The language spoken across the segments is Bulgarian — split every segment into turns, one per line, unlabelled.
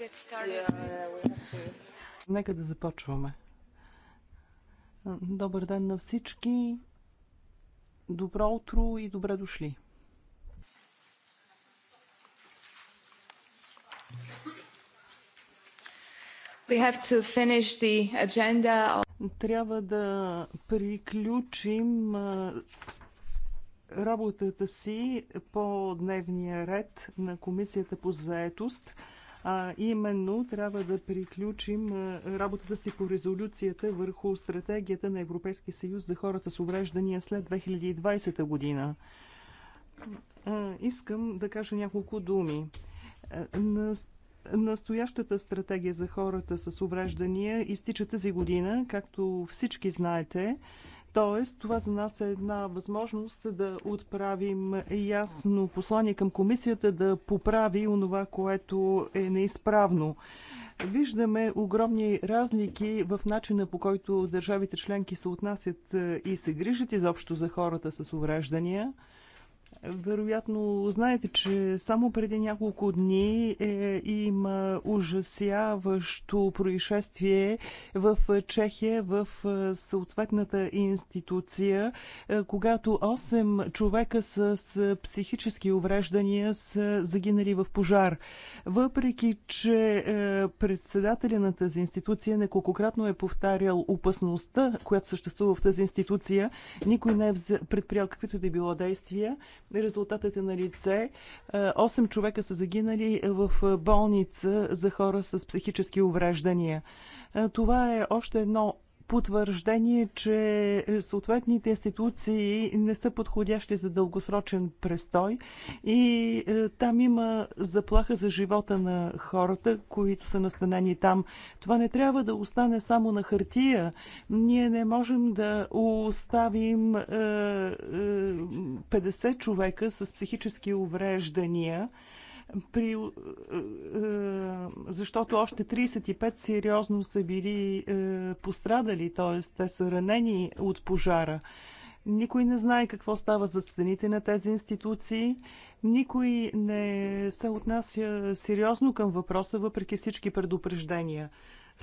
Yeah, to...
Нека да започваме. Добър ден на всички. Добро утро и добре дошли. We have to finish the agenda. Трябва да приключим работата си по дневния ред на Комисията по заетост. А именно трябва да приключим работата си по резолюцията върху стратегията на Европейския съюз за хората с увреждания след 2020 година. Искам да кажа няколко думи. Настоящата стратегия за хората с увреждания изтича тази година, както всички знаете. Тоест, това за нас е една възможност да отправим ясно послание към комисията да поправи онова, което е неизправно. Виждаме огромни разлики в начина по който държавите членки се отнасят е, и се грижат изобщо за хората с увреждания. Вероятно знаете, че само преди няколко дни е, има ужасяващо происшествие в Чехия, в е, съответната институция, е, когато 8 човека с, с психически увреждания са загинали в пожар. Въпреки, че е, председателя на тази институция неколкократно е повтарял опасността, която съществува в тази институция, никой не е предприял каквито да било действия. Резултатът е на лице. Е, осем човека са загинали в е, болница за хора с психически увреждания. Е, това е още едно потвърждение, че е, съответните институции не са подходящи за дългосрочен престой и е, там има заплаха за живота на хората, които са настанени там. Това не трябва да остане само на хартия. Ние не можем да оставим 50 е, човека с психически увреждания при, е, е, защото още 35 сериозно са били е, пострадали, т.е. те са ранени от пожара. Никой не знае какво става за стените на тези институции. Никой не се отнася сериозно към въпроса, въпреки всички предупреждения.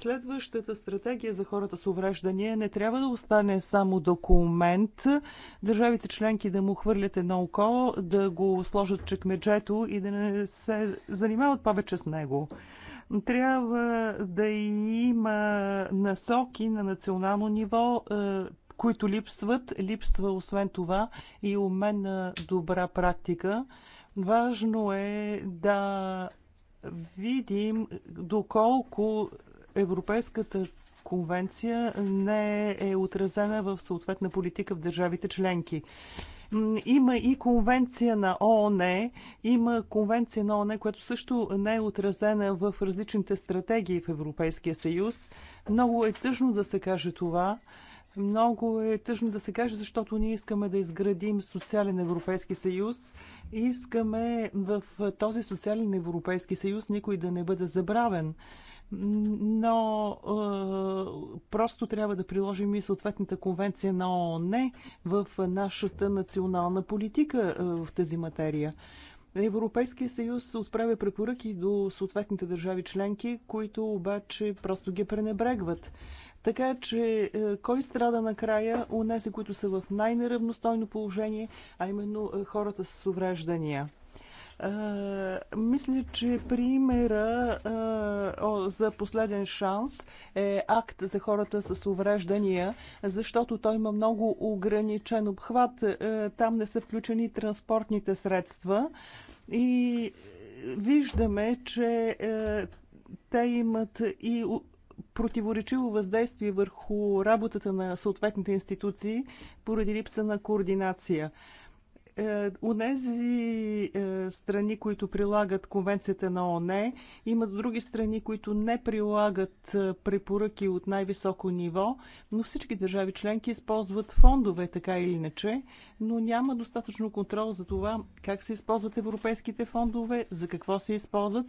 Следващата стратегия за хората с увреждания не трябва да остане само документ. Държавите членки да му хвърлят едно око, да го сложат чекмеджето и да не се занимават повече с него. Трябва да има насоки на национално ниво, е, които липсват. Липсва освен това и умен на добра практика. Важно е да видим доколко Европейската конвенция не е отразена в съответна политика в държавите членки. Има и конвенция на ООН, има конвенция на ООН, която също не е отразена в различните стратегии в Европейския съюз. Много е тъжно да се каже това. Много е тъжно да се каже, защото ние искаме да изградим социален Европейски съюз. и Искаме в този социален Европейски съюз никой да не бъде забравен но е, просто трябва да приложим и съответната конвенция на ООН в нашата национална политика е, в тази материя. Европейския съюз отправя препоръки до съответните държави членки, които обаче просто ги пренебрегват. Така че е, кой страда накрая? Унеси, които са в най-неравностойно положение, а именно е, хората с увреждания. Мисля, че примера за последен шанс е акт за хората с увреждания, защото той има много ограничен обхват. Там не са включени транспортните средства и виждаме, че те имат и противоречиво въздействие върху работата на съответните институции поради липса на координация. Е, Унези е, страни, които прилагат конвенцията на ОНЕ, имат други страни, които не прилагат е, препоръки от най-високо ниво, но всички държави членки използват фондове, така или иначе, но няма достатъчно контрол за това как се използват европейските фондове, за какво се използват,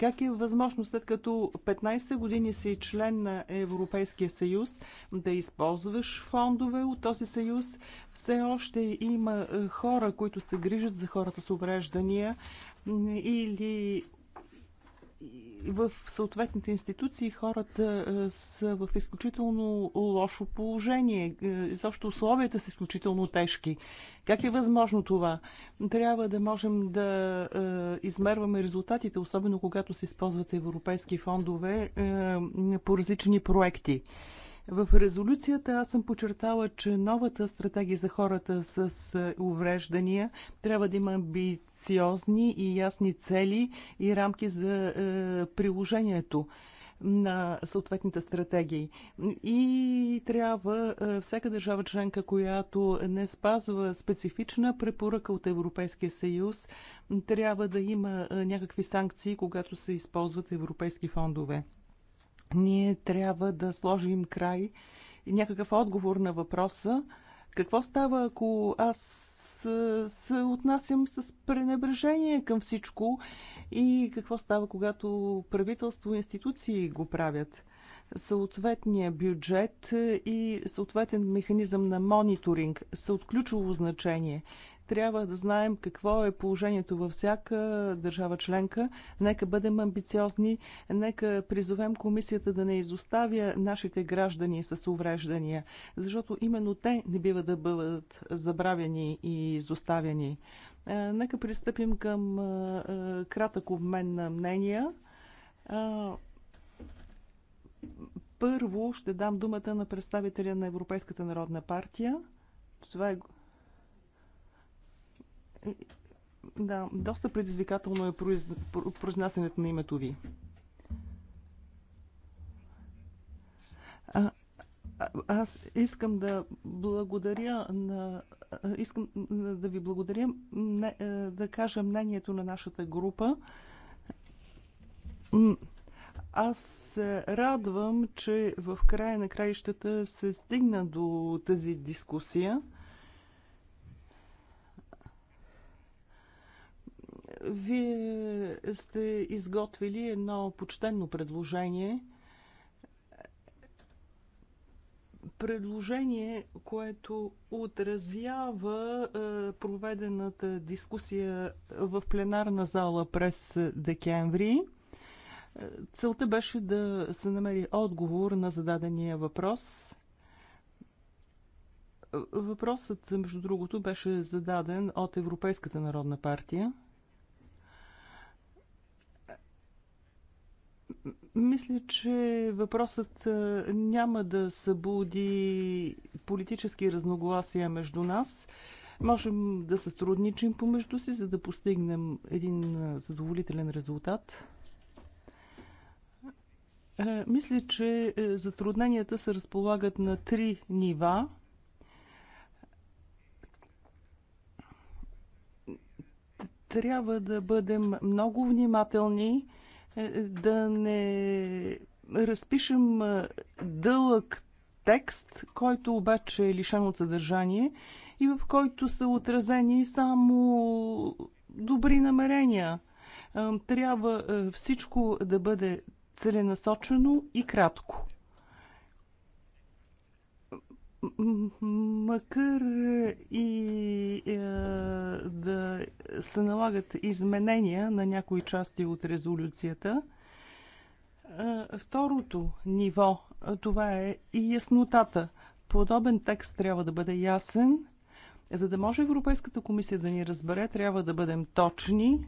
как е възможно след като 15 години си член на Европейския съюз да използваш фондове от този съюз. Все още има хора, хора, които се грижат за хората с увреждания или в съответните институции хората са в изключително лошо положение. Защото условията са изключително тежки. Как е възможно това? Трябва да можем да измерваме резултатите, особено когато се използват европейски фондове по различни проекти. В резолюцията аз съм подчертала, че новата стратегия за хората с е, увреждания трябва да има амбициозни и ясни цели и рамки за е, приложението на съответните стратегии. И трябва е, всяка държава членка, която не спазва специфична препоръка от Европейския съюз, трябва да има някакви санкции, когато се използват европейски фондове. Ние трябва да сложим край някакъв отговор на въпроса какво става, ако аз се отнасям с пренебрежение към всичко и какво става, когато правителство и институции го правят. Съответния бюджет и съответен механизъм на мониторинг са от ключово значение. Трябва да знаем какво е положението във всяка държава членка. Нека бъдем амбициозни, нека призовем комисията да не изоставя нашите граждани с увреждания, защото именно те не бива да бъдат забравени и изоставени. Е, нека пристъпим към е, е, кратък обмен на мнения. Първо ще дам думата на представителя на Европейската народна партия. Това е да, доста предизвикателно е произ... произнасянето на името ви. А, а, аз искам да благодаря на... Искам да ви благодаря да кажа мнението на нашата група. Аз се радвам, че в края на краищата се стигна до тази дискусия. Вие сте изготвили едно почтенно предложение. Предложение, което отразява е, проведената дискусия в пленарна зала през декември. Е, целта беше да се намери отговор на зададения въпрос. Въпросът, между другото, беше зададен от Европейската народна партия – Мисля, че въпросът няма да събуди политически разногласия между нас. Можем да сътрудничим помежду си, за да постигнем един задоволителен резултат. Мисля, че затрудненията се разполагат на три нива. Трябва да бъдем много внимателни е, да не разпишем е, дълъг текст, който обаче е лишен от съдържание и в който са отразени само добри намерения. Е, трябва всичко да бъде целенасочено и кратко. Макар и е, да се налагат изменения на някои части от резолюцията. Второто ниво, това е и яснотата. Подобен текст трябва да бъде ясен. За да може Европейската комисия да ни разбере, трябва да бъдем точни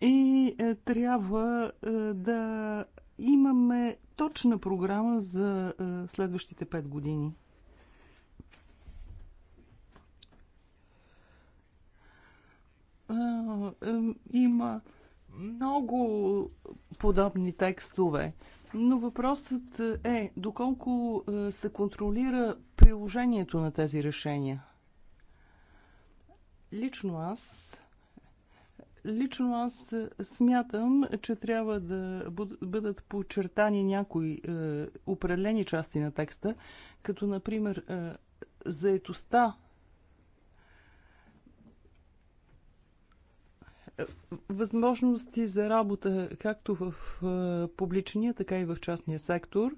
и е, трябва е, да имаме точна програма за е, следващите 5 години. има много подобни текстове. Но въпросът е доколко е, се контролира приложението на тези решения. Лично аз Лично аз смятам, че трябва да бъдат подчертани някои е, определени части на текста, като например е, заетостта възможности за работа както в е, публичния, така и в частния сектор,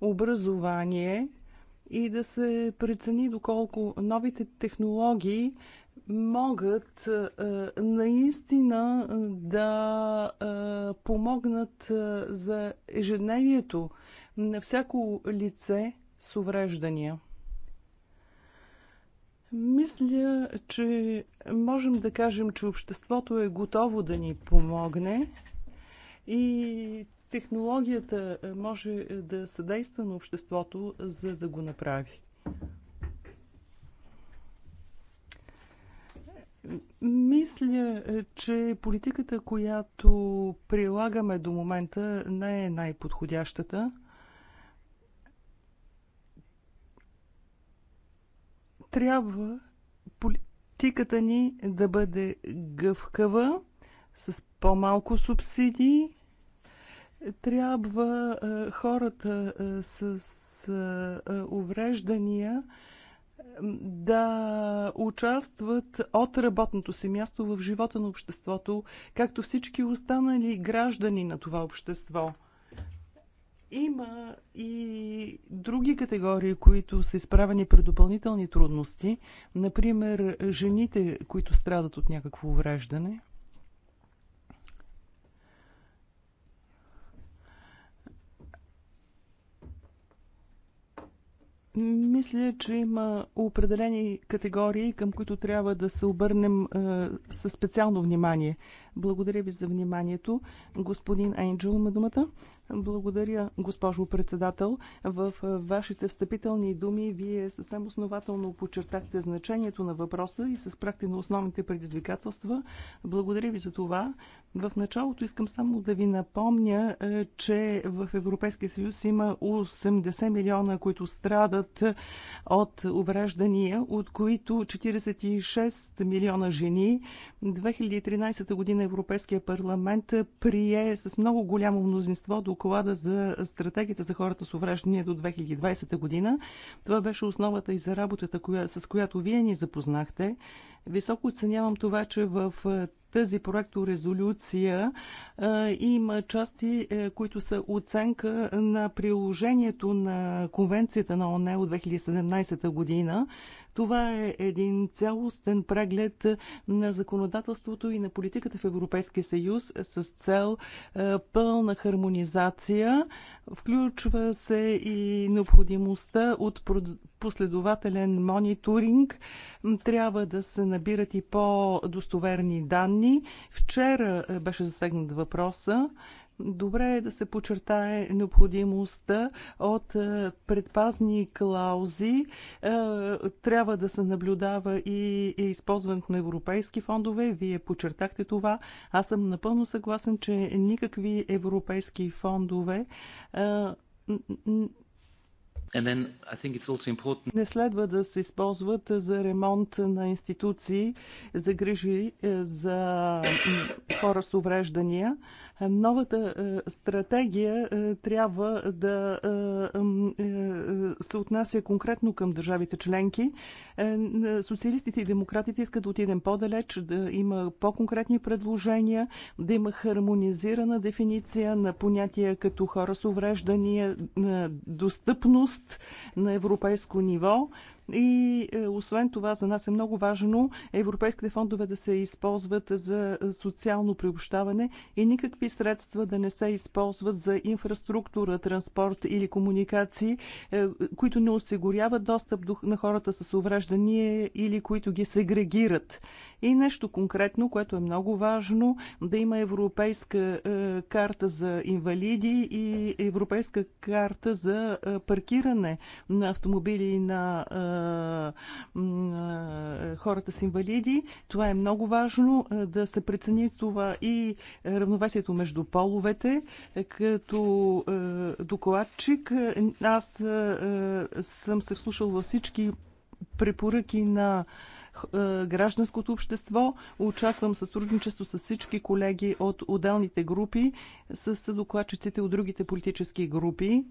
образование и да се прецени доколко новите технологии могат е, наистина е, да помогнат за ежедневието на всяко лице с увреждания. Мисля, че можем да кажем, че обществото е готово да ни помогне и технологията може да съдейства на обществото, за да го направи. Мисля, че политиката, която прилагаме до момента, не е най-подходящата. Трябва политиката ни да бъде гъвкава, с по-малко субсидии. Трябва хората с увреждания да участват от работното си място в живота на обществото, както всички останали граждани на това общество – има и други категории, които са изправени при допълнителни трудности. Например, жените, които страдат от някакво увреждане. Мисля, че има определени категории, към които трябва да се обърнем е, със специално внимание. Благодаря ви за вниманието. Господин Ейнджел има думата. Благодаря, госпожо председател. В вашите встъпителни думи вие съвсем основателно подчертахте значението на въпроса и се спрахте на основните предизвикателства. Благодаря ви за това. В началото искам само да ви напомня, че в Европейския съюз има 80 милиона, които страдат от увреждания, от които 46 милиона жени. 2013 година Европейския парламент прие с много голямо мнозинство до доклада за стратегията за хората с увреждания до 2020 година. Това беше основата и за работата, коя, с която вие ни запознахте. Високо оценявам това, че в тази проекторезолюция е, има части, е, които са оценка на приложението на Конвенцията на ОНЕ от 2017 година това е един цялостен преглед на законодателството и на политиката в Европейския съюз с цел е, пълна хармонизация. Включва се и необходимостта от последователен мониторинг. Трябва да се набират и по-достоверни данни. Вчера е, беше засегнат въпроса. Добре е да се почертае необходимостта от е, предпазни клаузи. Е, трябва да се наблюдава и използването на европейски фондове. Вие почертахте това. Аз съм напълно съгласен, че никакви европейски фондове е, Then, не следва да се използват за ремонт на институции, за грижи за хора с увреждания. Е, новата е, стратегия е, трябва да се отнася конкретно към държавите членки. Социалистите и демократите искат да отидем по-далеч, да има по-конкретни предложения, да има хармонизирана дефиниция на понятия като хора с увреждания, достъпност на европейско ниво. И е, освен това, за нас е много важно европейските фондове да се използват за е, социално приобщаване и никакви средства да не се използват за инфраструктура, транспорт или комуникации, е, които не осигуряват достъп на хората с увреждания или които ги сегрегират. И нещо конкретно, което е много важно, да има европейска карта за инвалиди и европейска карта за паркиране на автомобили на хората с инвалиди. Това е много важно да се прецени това и равновесието между половете. Като докладчик аз съм се вслушал във всички препоръки на е, гражданското общество. Очаквам сътрудничество с всички колеги от отделните групи, с докладчиците от другите политически групи.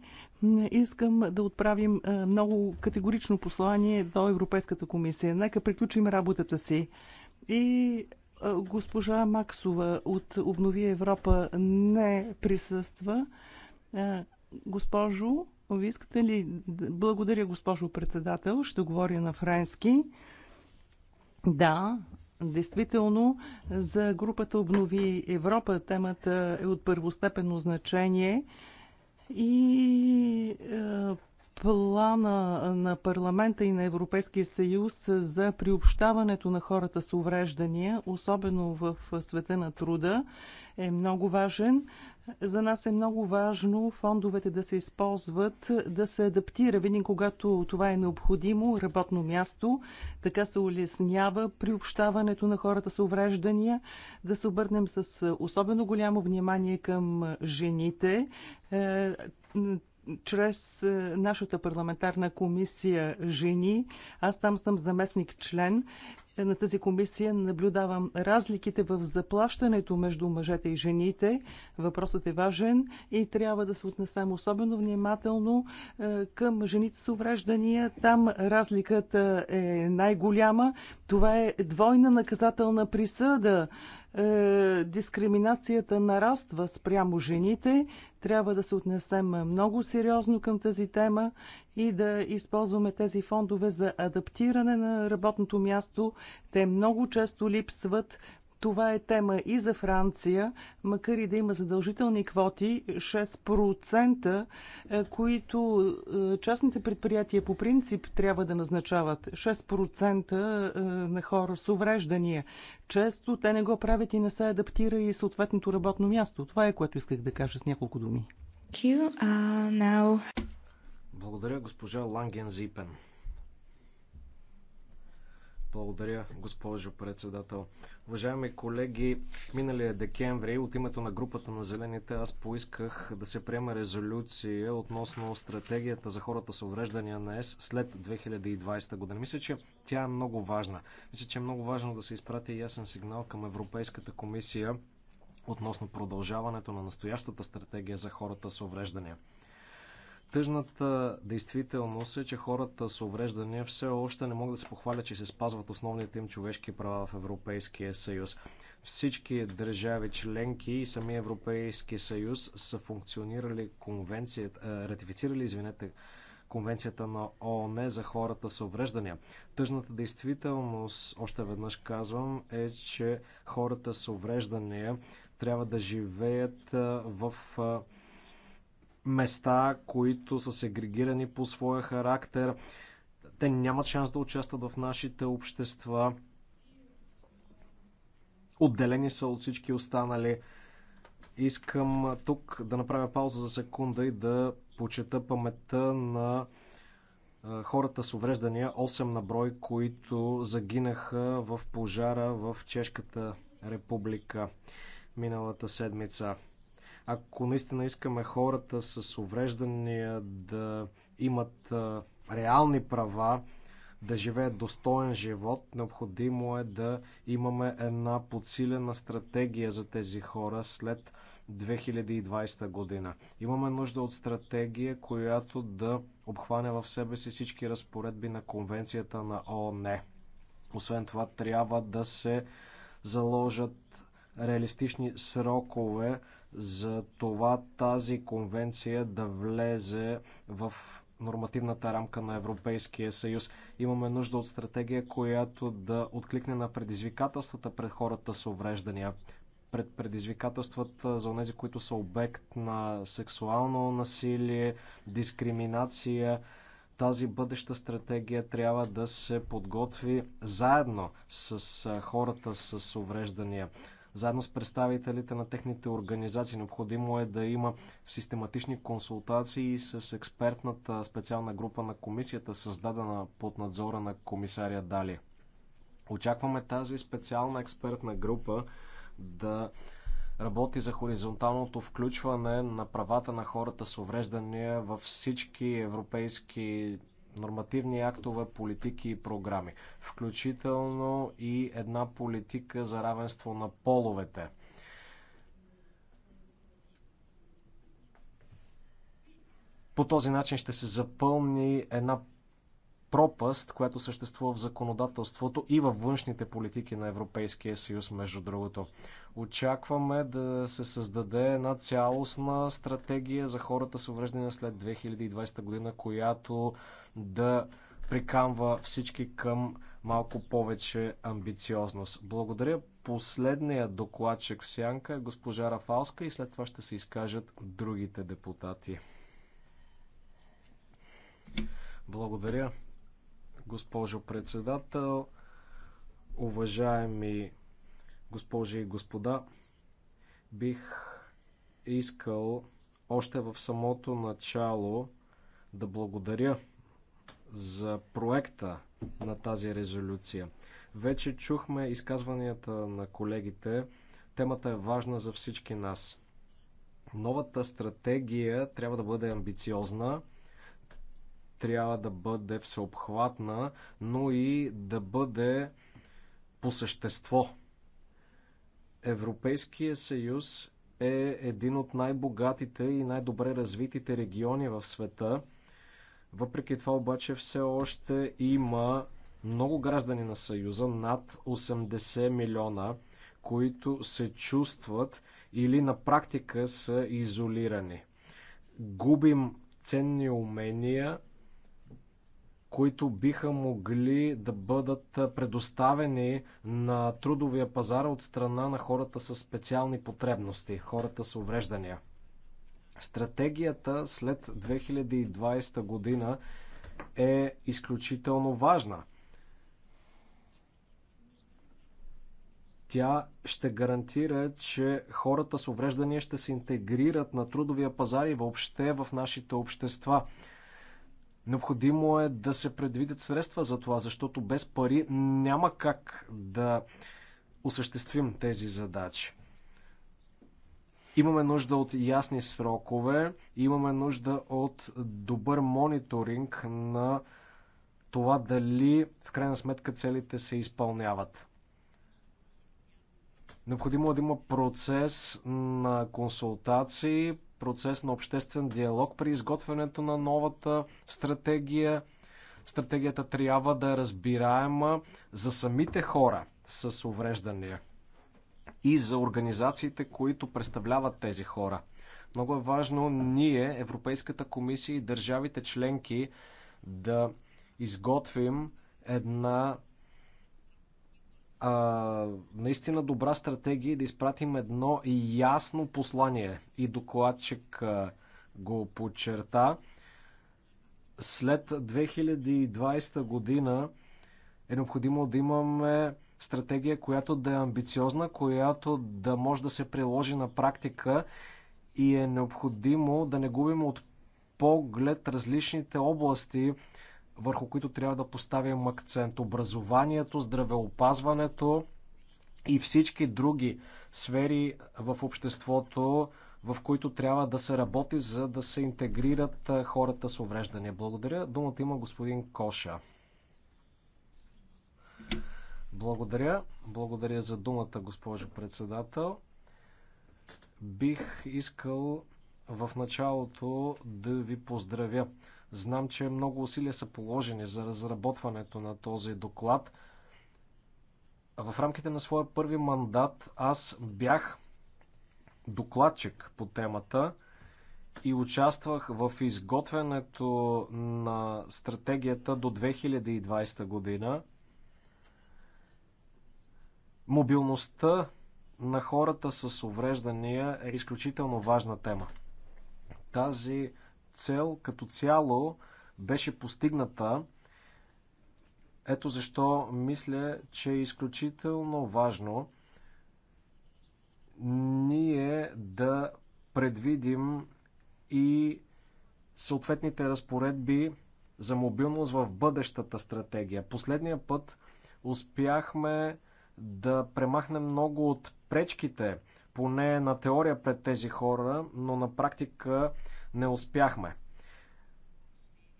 Искам да отправим е, много категорично послание до Европейската комисия. Нека приключим работата си. И е, госпожа Максова от Обнови Европа не присъства. Госпожо, вие искате ли... Благодаря, госпожо председател. Ще говоря на френски. Да, действително за групата Обнови Европа темата е от първостепенно значение и е, плана на парламента и на Европейския съюз за приобщаването на хората с увреждания, особено в света на труда, е много важен. За нас е много важно фондовете да се използват, да се адаптира винаги, когато това е необходимо, работно място. Така се улеснява приобщаването на хората с увреждания. Да се обърнем с особено голямо внимание към жените е, чрез нашата парламентарна комисия Жени. Аз там съм заместник член на тази комисия наблюдавам разликите в заплащането между мъжете и жените. Въпросът е важен и трябва да се отнесем особено внимателно е, към жените с увреждания. Там разликата е най-голяма. Това е двойна наказателна присъда. Е, дискриминацията нараства спрямо жените. Трябва да се отнесем много сериозно към тази тема и да използваме тези фондове за адаптиране на работното място. Те много често липсват, това е тема и за Франция, макар и да има задължителни квоти 6%, е, които е, частните предприятия по принцип трябва да назначават 6% е, на хора с увреждания. Често те не го правят и не се адаптира и съответното работно място. Това е което исках да кажа с няколко думи.
Uh,
Благодаря, госпожа Ланген Зипен. Благодаря, госпожо председател. Уважаеми колеги, миналия декември от името на групата на Зелените аз поисках да се приеме резолюция относно стратегията за хората с увреждания на ЕС след 2020 година. Мисля, че тя е много важна. Мисля, че е много важно да се изпрати ясен сигнал към Европейската комисия относно продължаването на настоящата стратегия за хората с увреждания. Тъжната действителност е, че хората с увреждания все още не могат да се похвалят, че се спазват основните им човешки права в Европейския съюз. Всички държави членки и самия Европейски съюз са функционирали конвенцията, е, ратифицирали, извинете, Конвенцията на ООН за хората с увреждания. Тъжната действителност, още веднъж казвам, е, че хората с увреждания трябва да живеят е, в е, места, които са сегрегирани по своя характер. Те нямат шанс да участват в нашите общества. Отделени са от всички останали. Искам тук да направя пауза за секунда и да почета паметта на хората с увреждания, 8 на брой, които загинаха в пожара в Чешката република миналата седмица. Ако наистина искаме хората с увреждания да имат реални права, да живеят достоен живот, необходимо е да имаме една подсилена стратегия за тези хора след 2020 година. Имаме нужда от стратегия, която да обхване в себе си всички разпоредби на конвенцията на ООН. Освен това, трябва да се заложат реалистични срокове за това тази конвенция да влезе в нормативната рамка на Европейския съюз. Имаме нужда от стратегия, която да откликне на предизвикателствата пред хората с увреждания, пред предизвикателствата за тези, които са обект на сексуално насилие, дискриминация. Тази бъдеща стратегия трябва да се подготви заедно с хората с увреждания заедно с представителите на техните организации. Необходимо е да има систематични консултации с експертната специална група на комисията, създадена под надзора на комисаря Дали. Очакваме тази специална експертна група да работи за хоризонталното включване на правата на хората с увреждания във всички европейски нормативни актове, политики и програми, включително и една политика за равенство на половете. По този начин ще се запълни една пропаст, която съществува в законодателството и във външните политики на Европейския съюз, между другото. Очакваме да се създаде една цялостна стратегия за хората с увреждания след 2020 година, която да приканва всички към малко повече амбициозност. Благодаря последния докладчик в сянка, е госпожа Рафалска и след това ще се изкажат другите депутати. Благодаря, госпожо председател, уважаеми госпожи и господа. Бих искал още в самото начало да благодаря за проекта на тази резолюция. Вече чухме изказванията на колегите. Темата е важна за всички нас. Новата стратегия трябва да бъде амбициозна, трябва да бъде всеобхватна, но и да бъде по същество. Европейския съюз е един от най-богатите и най-добре развитите региони в света – въпреки това обаче все още има много граждани на Съюза, над 80 милиона, които се чувстват или на практика са изолирани. Губим ценни умения, които биха могли да бъдат предоставени на трудовия пазар от страна на хората с специални потребности, хората с увреждания. Стратегията след 2020 година е изключително важна. Тя ще гарантира, че хората с увреждания ще се интегрират на трудовия пазар и въобще в нашите общества. Необходимо е да се предвидят средства за това, защото без пари няма как да осъществим тези задачи. Имаме нужда от ясни срокове, имаме нужда от добър мониторинг на това дали в крайна сметка целите се изпълняват. Необходимо е да има процес на консултации, процес на обществен диалог при изготвянето на новата стратегия. Стратегията трябва да е разбираема за самите хора с увреждания и за организациите, които представляват тези хора. Много е важно ние, Европейската комисия и държавите членки да изготвим една а, наистина добра стратегия и да изпратим едно ясно послание. И докладчик а, го подчерта. След 2020 година е необходимо да имаме стратегия, която да е амбициозна, която да може да се приложи на практика и е необходимо да не губим от поглед различните области, върху които трябва да поставим акцент. Образованието, здравеопазването и всички други сфери в обществото, в които трябва да се работи, за да се интегрират хората с увреждания. Благодаря. Думата има господин Коша. Благодаря. Благодаря за думата, госпожо председател. Бих искал в началото да ви поздравя. Знам, че много усилия са положени за разработването на този доклад. В рамките на своя първи мандат аз бях докладчик по темата и участвах в изготвянето на стратегията до 2020 година – Мобилността на хората с увреждания е изключително важна тема. Тази цел като цяло беше постигната. Ето защо мисля, че е изключително важно ние да предвидим и съответните разпоредби за мобилност в бъдещата стратегия. Последния път успяхме да премахне много от пречките, поне на теория пред тези хора, но на практика не успяхме.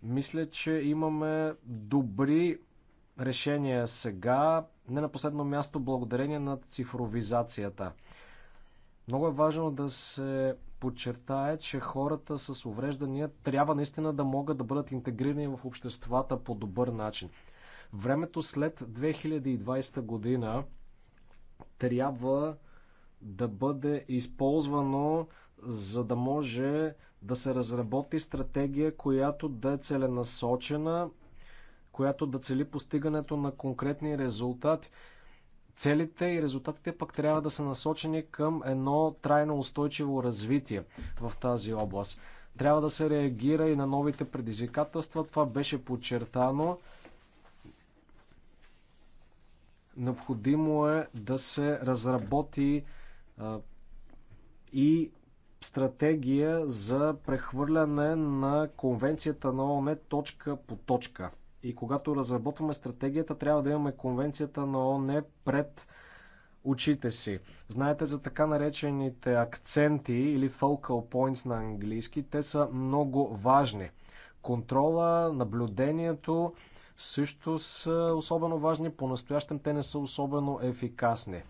Мисля, че имаме добри решения сега, не на последно място благодарение на цифровизацията. Много е важно да се подчертае, че хората с увреждания трябва наистина да могат да бъдат интегрирани в обществата по добър начин. Времето след 2020 година трябва да бъде използвано, за да може да се разработи стратегия, която да е целенасочена, която да цели постигането на конкретни резултати. Целите и резултатите пък трябва да са насочени към едно трайно устойчиво развитие в тази област. Трябва да се реагира и на новите предизвикателства. Това беше подчертано Необходимо е да се разработи и стратегия за прехвърляне на конвенцията на ООН точка по точка. И когато разработваме стратегията, трябва да имаме конвенцията на ООН пред очите си. Знаете за така наречените акценти или focal points на английски, те са много важни. Контрола, наблюдението също са особено важни, по-настоящем те не са особено ефикасни.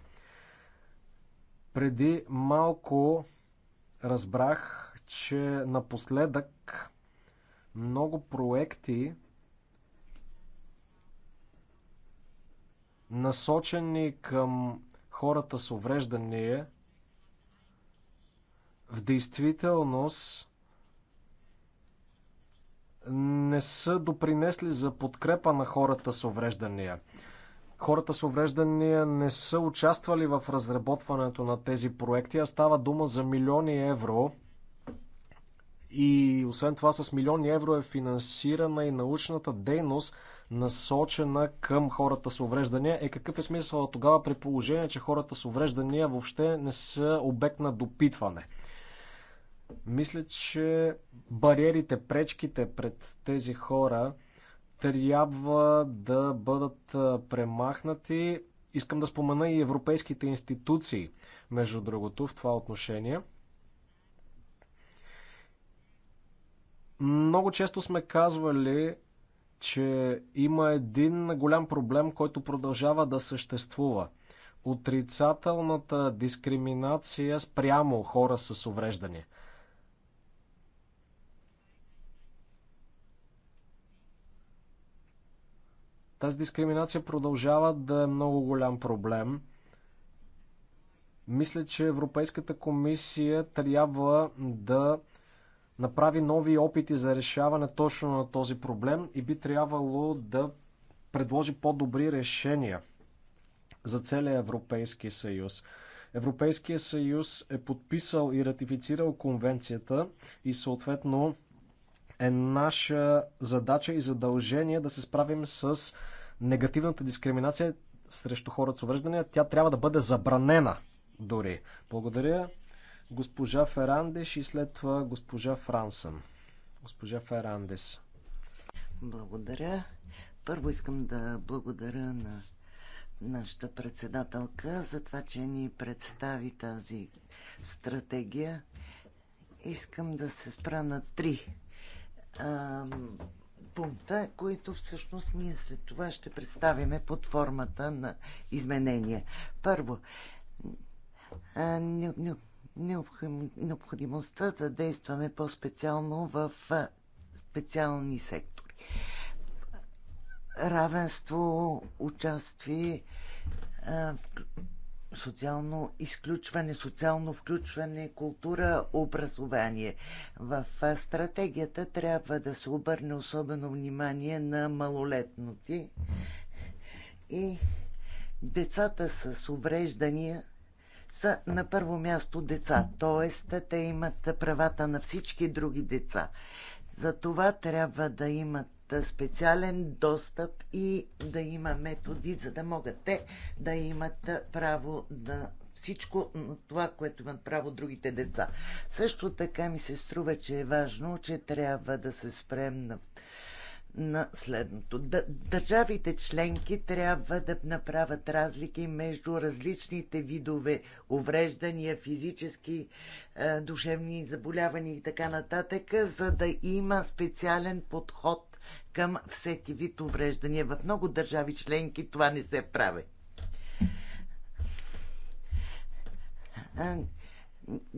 Преди малко разбрах, че напоследък много проекти насочени към хората с увреждания в действителност не са допринесли за подкрепа на хората с увреждания. Хората с увреждания не са участвали в разработването на тези проекти, а става дума за милиони евро. И освен това с милиони евро е финансирана и научната дейност, насочена към хората с увреждания. Е какъв е смисъл тогава при положение, че хората с увреждания въобще не са обект на допитване? Мисля, че бариерите, пречките пред тези хора трябва да бъдат премахнати. Искам да спомена и европейските институции, между другото, в това отношение. Много често сме казвали, че има един голям проблем, който продължава да съществува. Отрицателната дискриминация спрямо хора с увреждания. Тази дискриминация продължава да е много голям проблем. Мисля, че Европейската комисия трябва да направи нови опити за решаване точно на този проблем и би трябвало да предложи по-добри решения за целия Европейски съюз. Европейския съюз е подписал и ратифицирал конвенцията и съответно е наша задача и задължение да се справим с негативната дискриминация срещу хората с увреждания, тя трябва да бъде забранена дори. Благодаря госпожа Ферандеш и след това госпожа Франсън. Госпожа Ферандес. Благодаря.
Първо искам да благодаря на нашата председателка за това, че ни представи тази стратегия. Искам да се спра на три пункта, които всъщност ние след това ще представиме под формата на изменения. Първо, необходимостта да действаме по-специално в специални сектори. Равенство, участие, социално изключване, социално включване, култура, образование. В стратегията трябва да се обърне особено внимание на малолетноти и децата с увреждания са на първо място деца, т.е. те имат правата на всички други деца. За това трябва да имат специален достъп и да има методи, за да могат те да имат право на всичко това, което имат право другите деца. Също така ми се струва, че е важно, че трябва да се спрем на на следното. Държавите членки трябва да направят разлики между различните видове увреждания, физически, е, душевни заболявания и така нататък, за да има специален подход към всеки вид увреждания. В много държави членки това не се прави.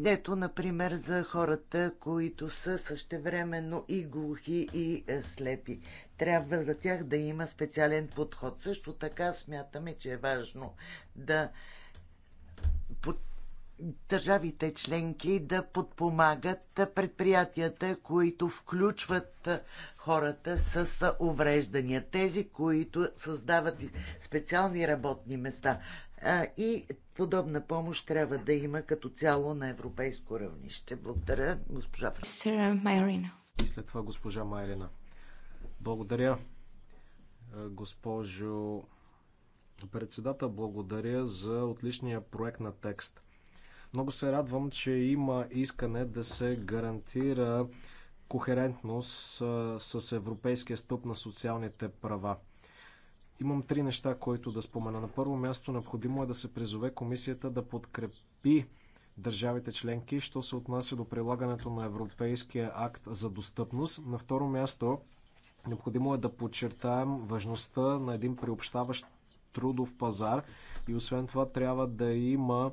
Ето, например, за хората, които са същевременно и глухи, и е, слепи. Трябва за тях да има специален подход. Също така смятаме, че е важно да държавите членки да подпомагат предприятията, които включват хората с увреждания, тези, които създават специални работни места. И подобна помощ трябва да има като цяло на европейско равнище. Благодаря, госпожа Майорина.
И след това госпожа Майрина. Благодаря, госпожо председател. Благодаря за отличния проект на текст. Много се радвам, че има искане да се гарантира кохерентност с европейския стълб на социалните права. Имам три неща, които да спомена. На първо място, необходимо е да се призове комисията да подкрепи държавите членки, що се отнася до прилагането на Европейския акт за достъпност. На второ място, необходимо е да подчертаем важността на един приобщаващ трудов пазар и освен това трябва да има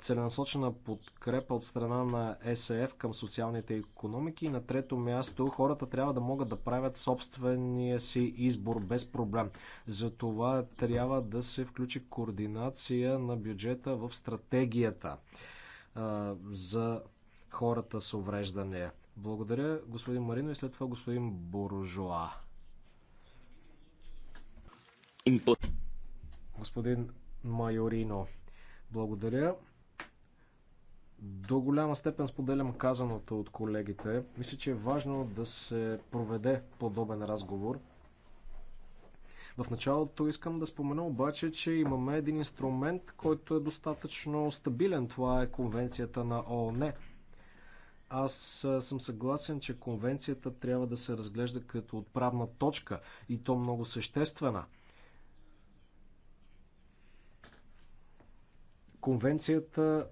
целенасочена подкрепа от страна на СЕФ към социалните економики и на трето място хората трябва да могат да правят собствения си избор без проблем. За това трябва да се включи координация на бюджета в стратегията за хората с увреждане. Благодаря господин Марино и след това господин Борожоа. Господин Майорино, благодаря. До голяма степен споделям казаното от колегите. Мисля, че е важно да се проведе подобен разговор. В началото искам да спомена обаче, че имаме един инструмент, който е достатъчно стабилен. Това е конвенцията на ООН. Аз съм съгласен, че конвенцията трябва да се разглежда като отправна точка и то много съществена. Конвенцията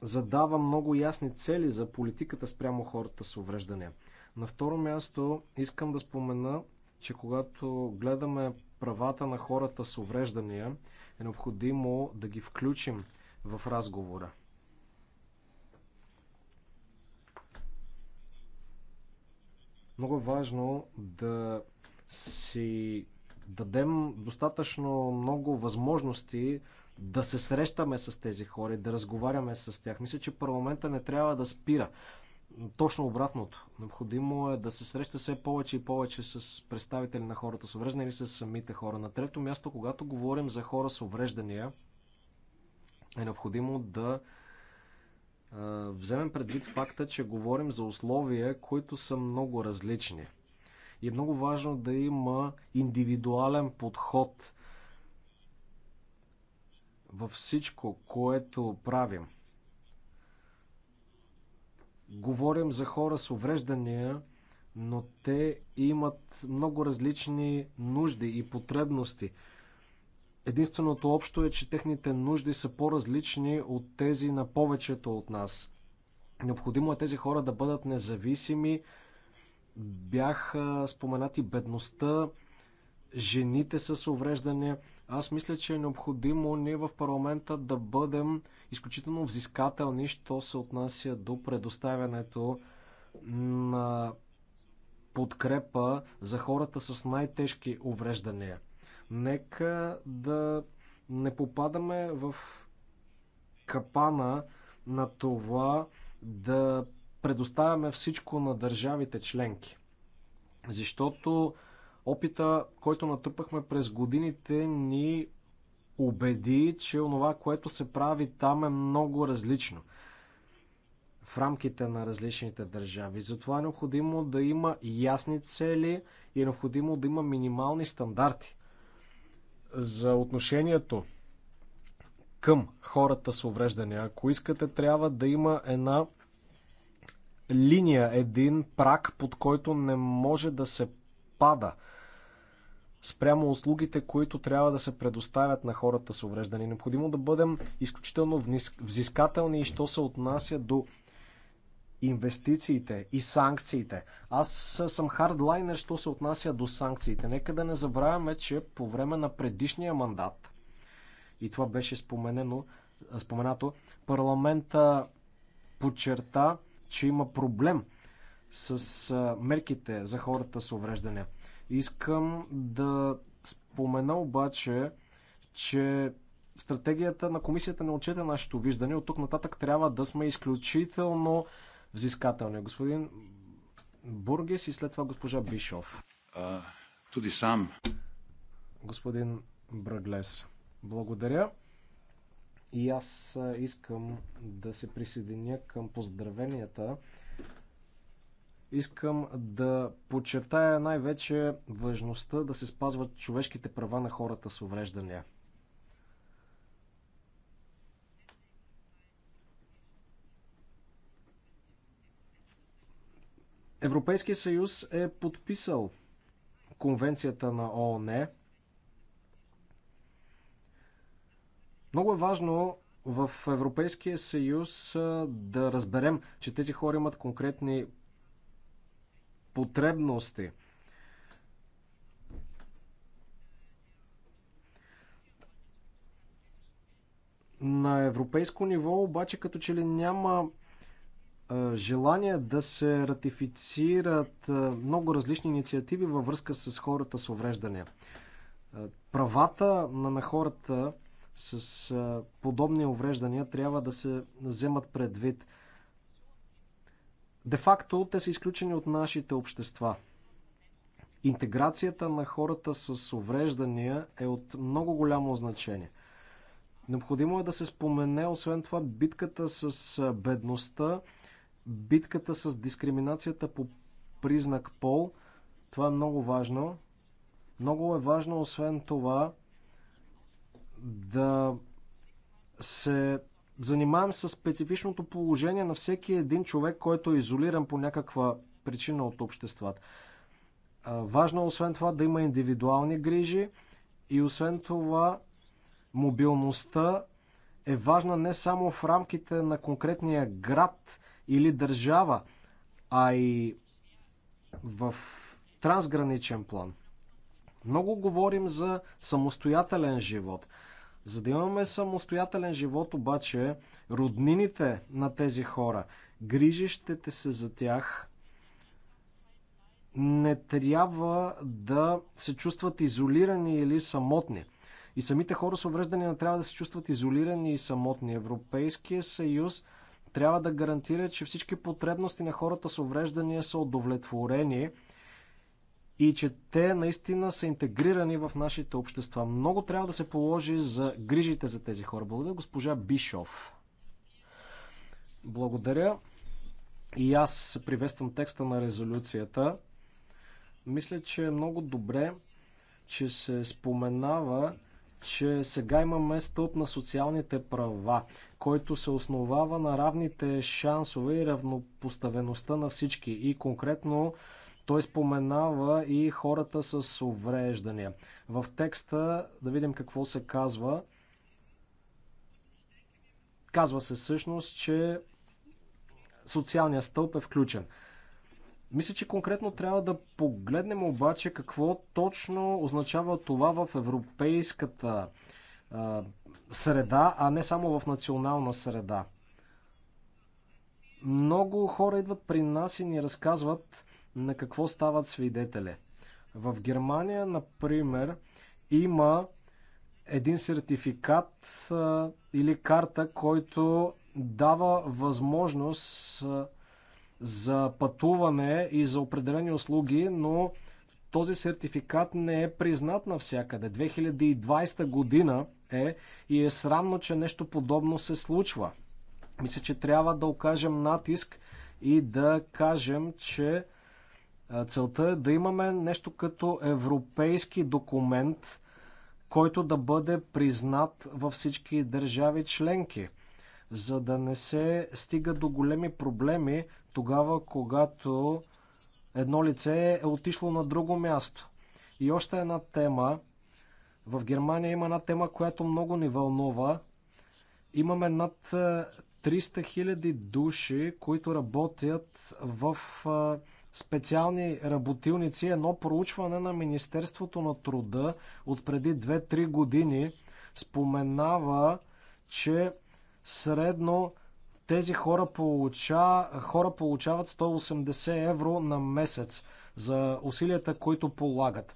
задава много ясни цели за политиката спрямо хората с увреждания. На второ място искам да спомена, че когато гледаме правата на хората с увреждания, е необходимо да ги включим в разговора. Много е важно да си дадем достатъчно много възможности да се срещаме с тези хора, да разговаряме с тях. Мисля, че парламента не трябва да спира. Точно обратното. Необходимо е да се среща все повече и повече с представители на хората с увреждания или с самите хора. На трето място, когато говорим за хора с увреждания, е необходимо да вземем предвид факта, че говорим за условия, които са много различни. И е много важно да има индивидуален подход във всичко, което правим. Говорим за хора с увреждания, но те имат много различни нужди и потребности. Единственото общо е, че техните нужди са по-различни от тези на повечето от нас. Необходимо е тези хора да бъдат независими. Бяха споменати бедността, жените с увреждания – аз мисля, че е необходимо ние в парламента да бъдем изключително взискателни, що се отнася до предоставянето на подкрепа за хората с най-тежки увреждания. Нека да не попадаме в капана на това да предоставяме всичко на държавите членки. Защото Опита, който натрупахме през годините, ни убеди, че онова, което се прави там е много различно в рамките на различните държави. Затова е необходимо да има ясни цели и е необходимо да има минимални стандарти за отношението към хората с увреждания. Ако искате, трябва да има една линия, един прак, под който не може да се пада – спрямо услугите, които трябва да се предоставят на хората с увреждане. Необходимо да бъдем изключително взискателни и що се отнася до инвестициите и санкциите. Аз съм хардлайнер, що се отнася до санкциите. Нека да не забравяме, че по време на предишния мандат, и това беше споменено, споменато, парламента подчерта, че има проблем с мерките за хората с увреждане. Искам да спомена обаче, че стратегията на комисията не отчете нашето виждане. От тук нататък трябва да сме изключително взискателни. Господин Бургес и след това госпожа Бишов. туди сам. Господин Браглес, благодаря. И аз искам да се присъединя към поздравенията Искам да подчертая най-вече важността да се спазват човешките права на хората с увреждания. Европейския съюз е подписал конвенцията на ООН. Много е важно в Европейския съюз да разберем, че тези хора имат конкретни потребности. На европейско ниво обаче като че ли няма желание да се ратифицират много различни инициативи във връзка с хората с увреждания. Правата на хората с подобни увреждания трябва да се вземат предвид – Де-факто те са изключени от нашите общества. Интеграцията на хората с увреждания е от много голямо значение. Необходимо е да се спомене, освен това, битката с бедността, битката с дискриминацията по признак пол. Това е много важно. Много е важно, освен това, да се занимавам с специфичното положение на всеки един човек, който е изолиран по някаква причина от обществата. Важно е освен това да има индивидуални грижи и освен това мобилността е важна не само в рамките на конкретния град или държава, а и в трансграничен план. Много говорим за самостоятелен живот. За да имаме самостоятелен живот обаче, роднините на тези хора, грижещите се за тях, не трябва да се чувстват изолирани или самотни. И самите хора с увреждания не трябва да се чувстват изолирани и самотни. Европейския съюз трябва да гарантира, че всички потребности на хората с увреждания са удовлетворени – и че те наистина са интегрирани в нашите общества. Много трябва да се положи за грижите за тези хора. Благодаря, госпожа Бишов. Благодаря. И аз приветствам текста на резолюцията. Мисля, че е много добре, че се споменава, че сега имаме стълб на социалните права, който се основава на равните шансове и равнопоставеността на всички. И конкретно той споменава и хората с увреждания. В текста да видим какво се казва. Казва се всъщност, че социалният стълб е включен. Мисля, че конкретно трябва да погледнем обаче какво точно означава това в европейската а, среда, а не само в национална среда. Много хора идват при нас и ни разказват на какво стават свидетели. В Германия, например, има един сертификат а, или карта, който дава възможност а, за пътуване и за определени услуги, но този сертификат не е признат навсякъде. 2020 година е и е срамно, че нещо подобно се случва. Мисля, че трябва да окажем натиск и да кажем, че Целта е да имаме нещо като европейски документ, който да бъде признат във всички държави членки, за да не се стига до големи проблеми тогава, когато едно лице е отишло на друго място. И още една тема. В Германия има една тема, която много ни вълнува. Имаме над 300 е, 000 души, които работят в е, специални работилници. Едно проучване на Министерството на труда от преди 2-3 години споменава, че средно тези хора, получа, хора получават 180 евро на месец за усилията, които полагат.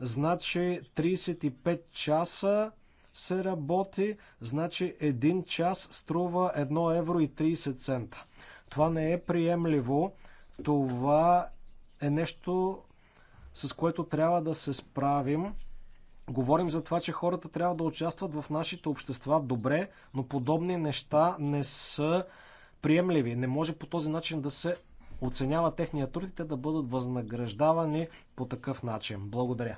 Значи 35 часа се работи, значи 1 час струва 1 евро и 30 цента. Това не е приемливо. Това е нещо, с което трябва да се справим. Говорим за това, че хората трябва да участват в нашите общества добре, но подобни неща не са приемливи. Не може по този начин да се оценява техния труд и те да бъдат възнаграждавани по такъв начин. Благодаря.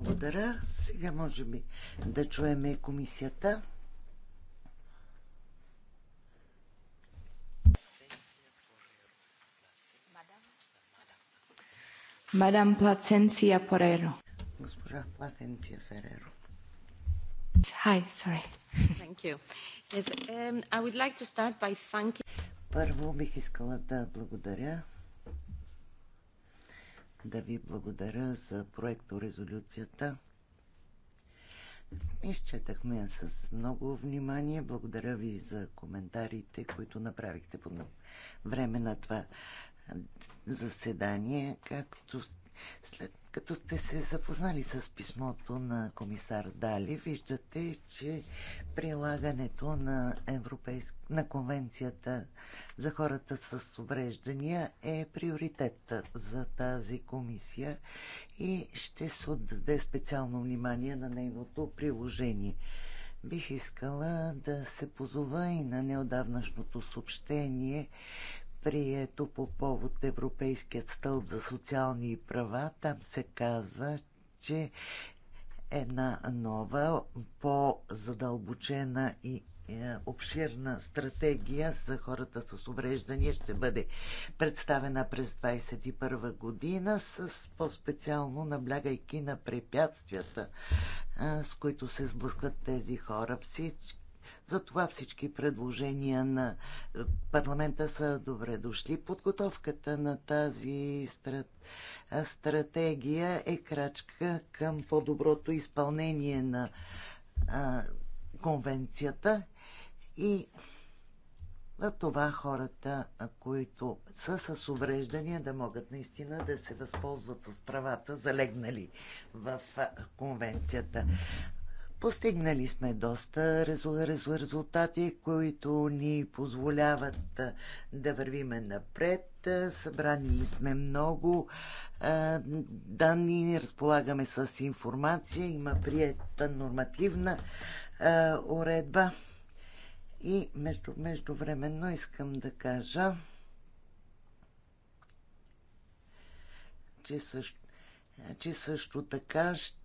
Благодаря. Сега може
би да чуем комисията. Мадам Плаценция Пореро. Госпожа Плаценция Фереро.
Hi, sorry. Thank you. Yes, um, I would like to start by thanking...
Първо бих искала да благодаря да ви благодаря за проекторезолюцията. Изчетахме я с много внимание. Благодаря ви за коментарите, които направихте по време на това заседание, както след като сте се запознали с писмото на комисар Дали, виждате, че прилагането на, европейск... на конвенцията за хората с увреждания е приоритет за тази комисия и ще се отдаде специално внимание на нейното приложение. Бих искала да се позова и на неодавнашното съобщение прието по повод Европейският стълб за социални права. Там се казва, че една нова, по-задълбочена и е, обширна стратегия за хората с увреждания ще бъде представена през 2021 година, с по-специално наблягайки на препятствията, е, с които се сблъскват тези хора. Всички затова всички предложения на е, парламента са добре дошли. Подготовката на тази стратегия е крачка към по-доброто изпълнение на конвенцията и за това хората, които са с увреждания, да могат наистина да се възползват с правата, залегнали в конвенцията. Постигнали сме доста резултати, които ни позволяват да вървиме напред. Събрани сме много данни, разполагаме с информация, има приета нормативна уредба. И между, междувременно искам да кажа, че също, че също така ще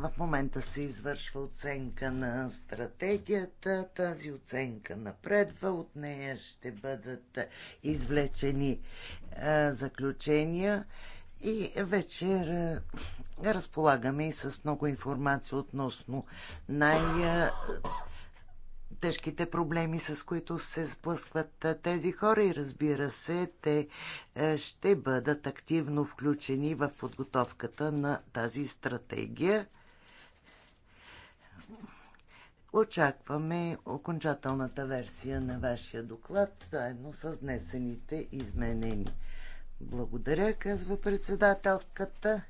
в момента се извършва оценка на стратегията. Тази оценка напредва. От нея ще бъдат извлечени а, заключения. И вече разполагаме и с много информация относно най- тежките проблеми, с които се сблъскват тези хора и разбира се, те ще бъдат активно включени в подготовката на тази стратегия. Очакваме окончателната версия на вашия доклад, заедно с внесените изменени. Благодаря, казва председателката.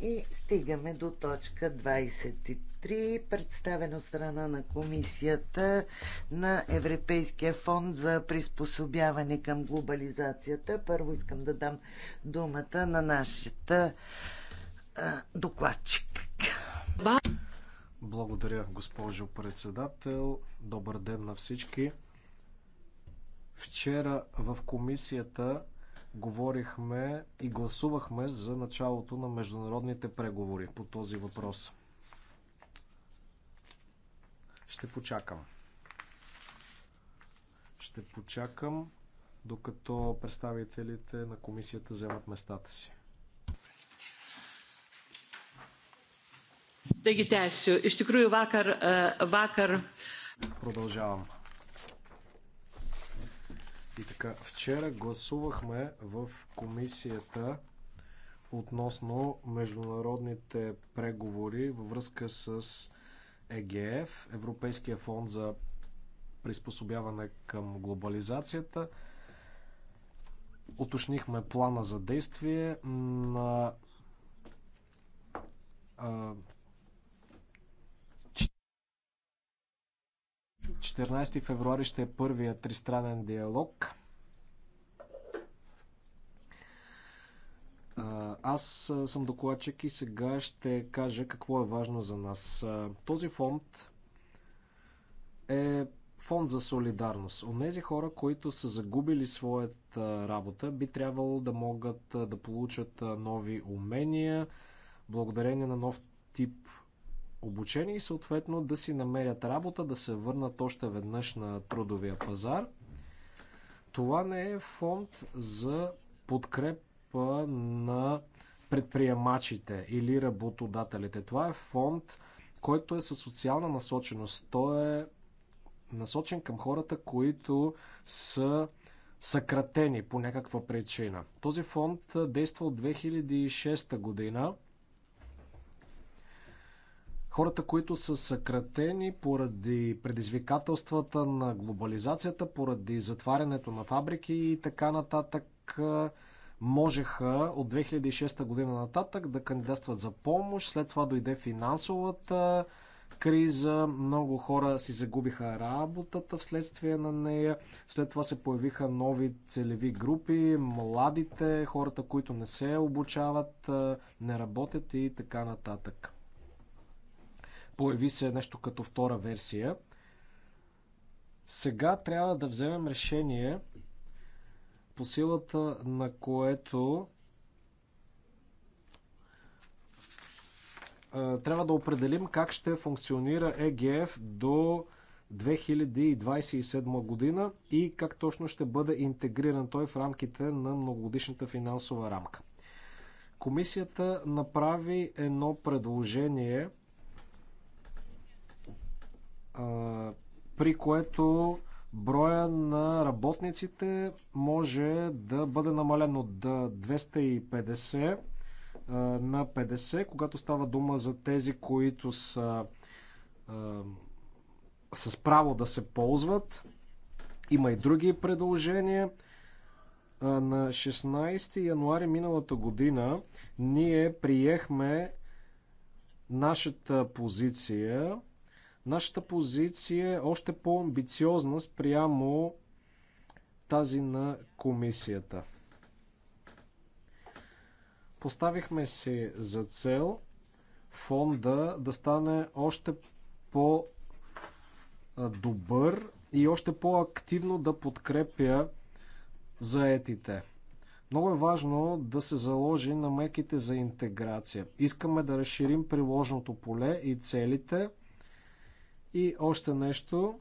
И стигаме до точка 23, представено страна на комисията на Европейския фонд за приспособяване към глобализацията. Първо искам да дам думата
на нашата докладчик. Благодаря, госпожо председател. Добър ден на всички. Вчера в комисията говорихме и гласувахме за началото на международните преговори по този въпрос. Ще почакам. Ще почакам, докато представителите на комисията вземат местата си. Taigi tęsiu. Iš tikrųjų vakar, e, vakar. Продължавам. И така, вчера гласувахме в комисията относно международните преговори във връзка с ЕГФ, Европейския фонд за приспособяване към глобализацията. Оточнихме плана за действие на 14 февруари ще е първият тристранен диалог. Аз съм докладчик и сега ще кажа какво е важно за нас. Този фонд е фонд за солидарност. Онези хора, които са загубили своята работа, би трябвало да могат да получат нови умения, благодарение на нов тип обучение и съответно да си намерят работа, да се върнат още веднъж на трудовия пазар. Това не е фонд за подкрепа на предприемачите или работодателите. Това е фонд, който е със социална насоченост. Той е насочен към хората, които са съкратени по някаква причина. Този фонд действа от 2006 година хората, които са съкратени поради предизвикателствата на глобализацията, поради затварянето на фабрики и така нататък, можеха от 2006 година нататък да кандидатстват за помощ. След това дойде финансовата криза, много хора си загубиха работата вследствие на нея. След това се появиха нови целеви групи, младите, хората, които не се обучават, не работят и така нататък. Появи се нещо като втора версия. Сега трябва да вземем решение, по силата на което трябва да определим как ще функционира ЕГФ до 2027 година и как точно ще бъде интегриран той в рамките на многогодишната финансова рамка. Комисията направи едно предложение при което броя на работниците може да бъде намален от 250 на 50, когато става дума за тези, които са с право да се ползват. Има и други предложения. На 16 януари миналата година ние приехме нашата позиция Нашата позиция е още по-амбициозна спрямо тази на комисията. Поставихме си за цел фонда да стане още по-добър и още по-активно да подкрепя заетите. Много е важно да се заложи на меките за интеграция. Искаме да разширим приложното поле и целите – и още нещо,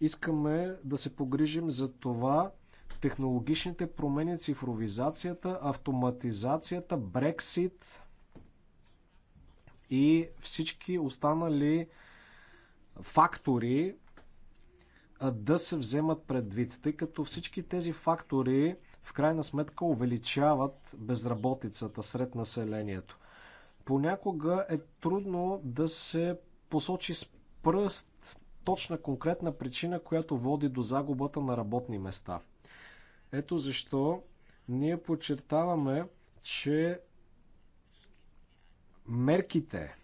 искаме да се погрижим за това технологичните промени, цифровизацията, автоматизацията, Брексит и всички останали фактори да се вземат предвид, тъй като всички тези фактори в крайна сметка увеличават безработицата сред населението. Понякога е трудно да се посочи с пръст точна конкретна причина, която води до загубата на работни места. Ето защо ние подчертаваме, че мерките,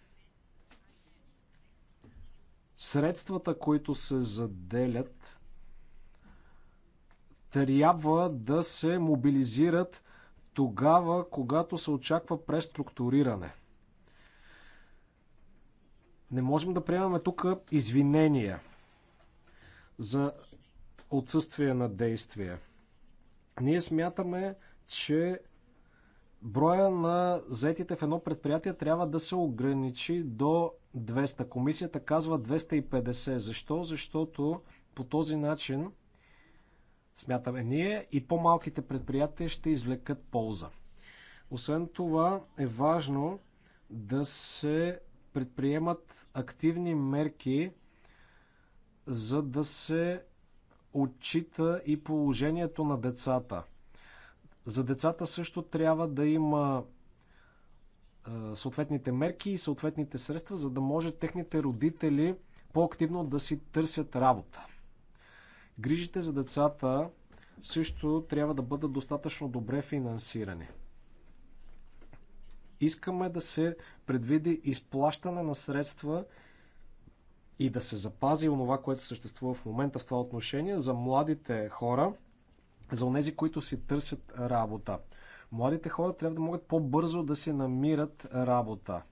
средствата, които се заделят, трябва да се мобилизират тогава, когато се очаква преструктуриране – не можем да приемаме тук извинения за отсъствие на действие. Ние смятаме, че броя на заетите в едно предприятие трябва да се ограничи до 200. Комисията казва 250. Защо? Защото по този начин смятаме ние и по-малките предприятия ще извлекат полза. Освен това е важно да се предприемат активни мерки, за да се отчита и положението на децата. За децата също трябва да има съответните мерки и съответните средства, за да може техните родители по-активно да си търсят работа. Грижите за децата също трябва да бъдат достатъчно добре финансирани. Искаме да се предвиди изплащане на средства и да се запази онова, което съществува в момента в това отношение за младите хора, за онези, които си търсят работа. Младите хора трябва да могат по-бързо да си намират работа.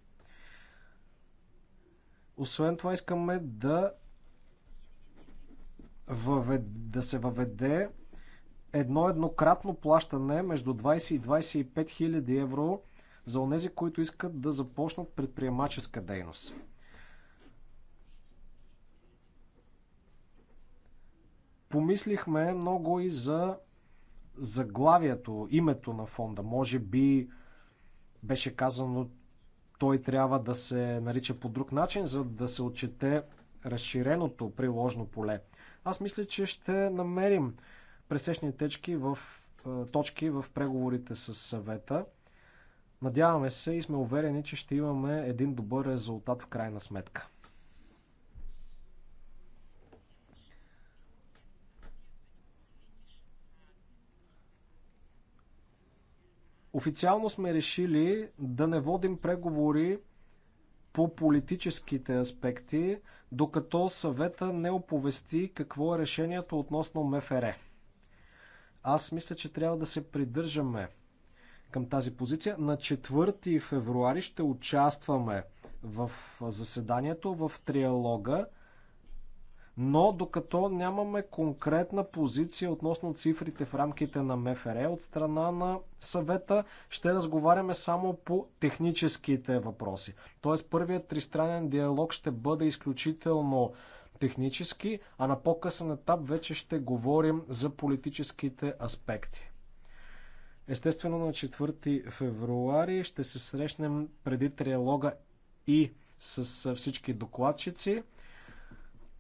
Освен това искаме да, въвед, да се въведе едно еднократно плащане между 20 и 25 хиляди евро за онези, които искат да започнат предприемаческа дейност. Помислихме много и за заглавието, името на фонда. Може би беше казано, той трябва да се нарича по друг начин, за да се отчете разширеното приложно поле. Аз мисля, че ще намерим пресечни в, е, точки в преговорите с съвета. Надяваме се и сме уверени, че ще имаме един добър резултат в крайна сметка. Официално сме решили да не водим преговори по политическите аспекти, докато съвета не оповести какво е решението относно МФР. Аз мисля, че трябва да се придържаме към тази позиция. На 4 февруари ще участваме в заседанието, в триалога, но докато нямаме конкретна позиция относно цифрите в рамките на МФР от страна на съвета, ще разговаряме само по техническите въпроси. Тоест първият тристранен диалог ще бъде изключително технически, а на по-късен етап вече ще говорим за политическите аспекти. Естествено на 4 февруари ще се срещнем преди триалога и с всички докладчици.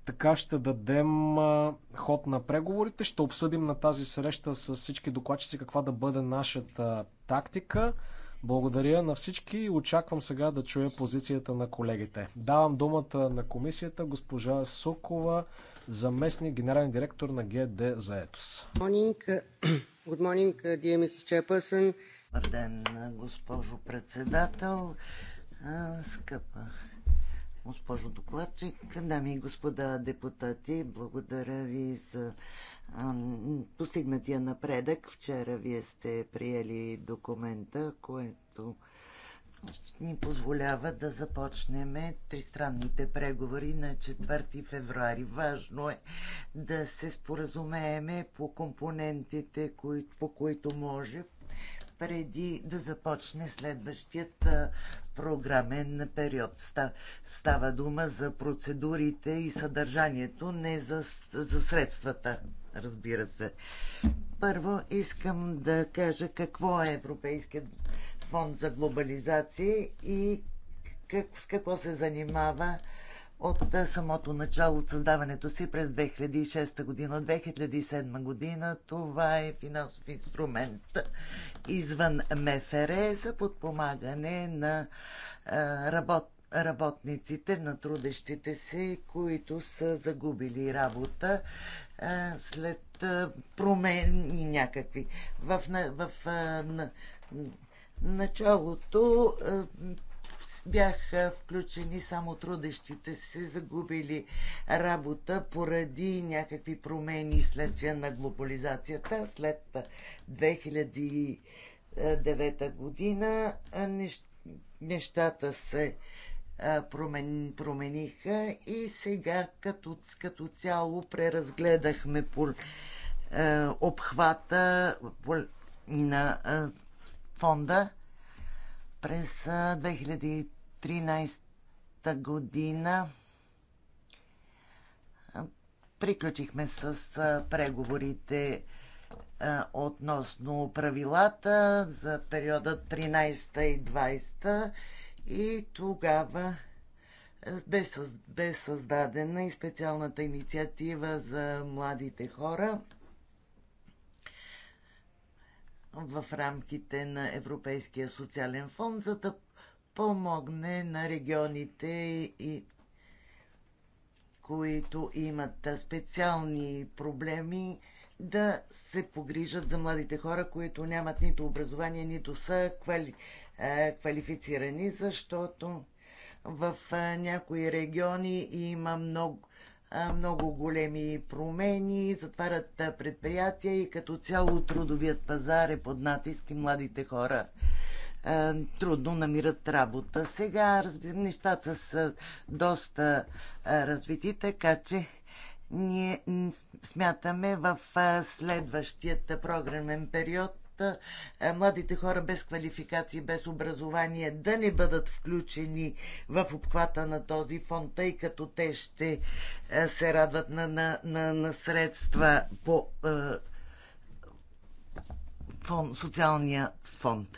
Така ще дадем ход на преговорите. Ще обсъдим на тази среща с всички докладчици каква да бъде нашата тактика. Благодаря на всички и очаквам сега да чуя позицията на колегите. Давам думата на комисията госпожа Сукова заместник генерален директор на ГД Заетос. Добър ден,
госпожо председател, скъпа госпожо докладчик, дами и господа депутати, благодаря ви за постигнатия напредък. Вчера вие сте приели документа, което ни позволява да започнем тристранните преговори на 4 февруари. Важно е да се споразумееме по компонентите, по които може, преди да започне следващият програмен период. Става дума за процедурите и съдържанието, не за, за средствата, разбира се. Първо искам да кажа какво е Европейският фонд за глобализация и как, с какво се занимава от самото начало, от създаването си през 2006 година, 2007 година. Това е финансов инструмент извън МФР за подпомагане на работ, работниците, на трудещите си, които са загубили работа след промени някакви. В, в, в началото е, бяха включени само трудещите се, загубили работа поради някакви промени следствие на глобализацията. След 2009 година е, нещата се е, промениха и сега като, като цяло преразгледахме по, обхвата на фонда през 2013 година приключихме с преговорите относно правилата за периода 13 и 20 и тогава бе, бе създадена и специалната инициатива за младите хора – в рамките на Европейския социален фонд, за да помогне на регионите и които имат специални проблеми, да се погрижат за младите хора, които нямат нито образование, нито са квали, квалифицирани, защото в някои региони има много, много големи промени, затварят предприятия и като цяло трудовият пазар е под натиск и младите хора трудно намират работа. Сега разбира, нещата са доста развити, така че ние смятаме в следващият програмен период младите хора без квалификации, без образование да не бъдат включени в обхвата на този фонд, тъй като те ще се радват на, на, на, на средства по е, фон, социалния фонд.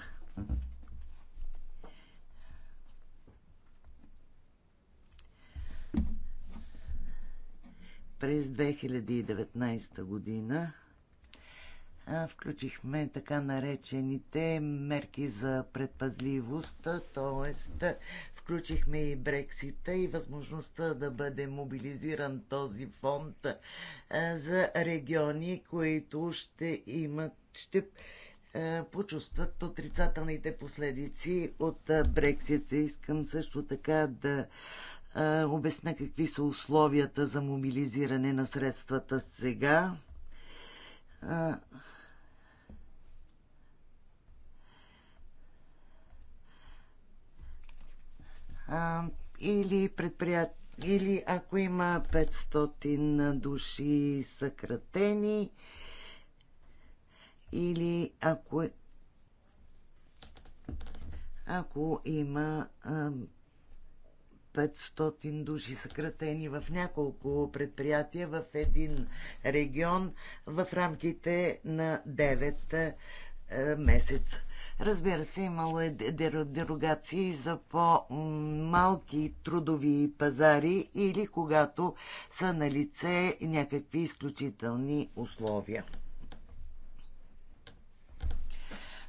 През 2019 година включихме така наречените мерки за предпазливост, т.е. включихме и Брексита и възможността да бъде мобилизиран този фонд за региони, които ще имат, ще почувстват отрицателните последици от Брексита. Искам също така да обясня какви са условията за мобилизиране на средствата сега или предприят... или ако има 500 души съкратени, или ако, е, ако има 500 души съкратени в няколко предприятия в един регион в рамките на 9 месеца. Разбира се, имало е дерогации за по-малки трудови пазари или когато са на лице някакви изключителни условия.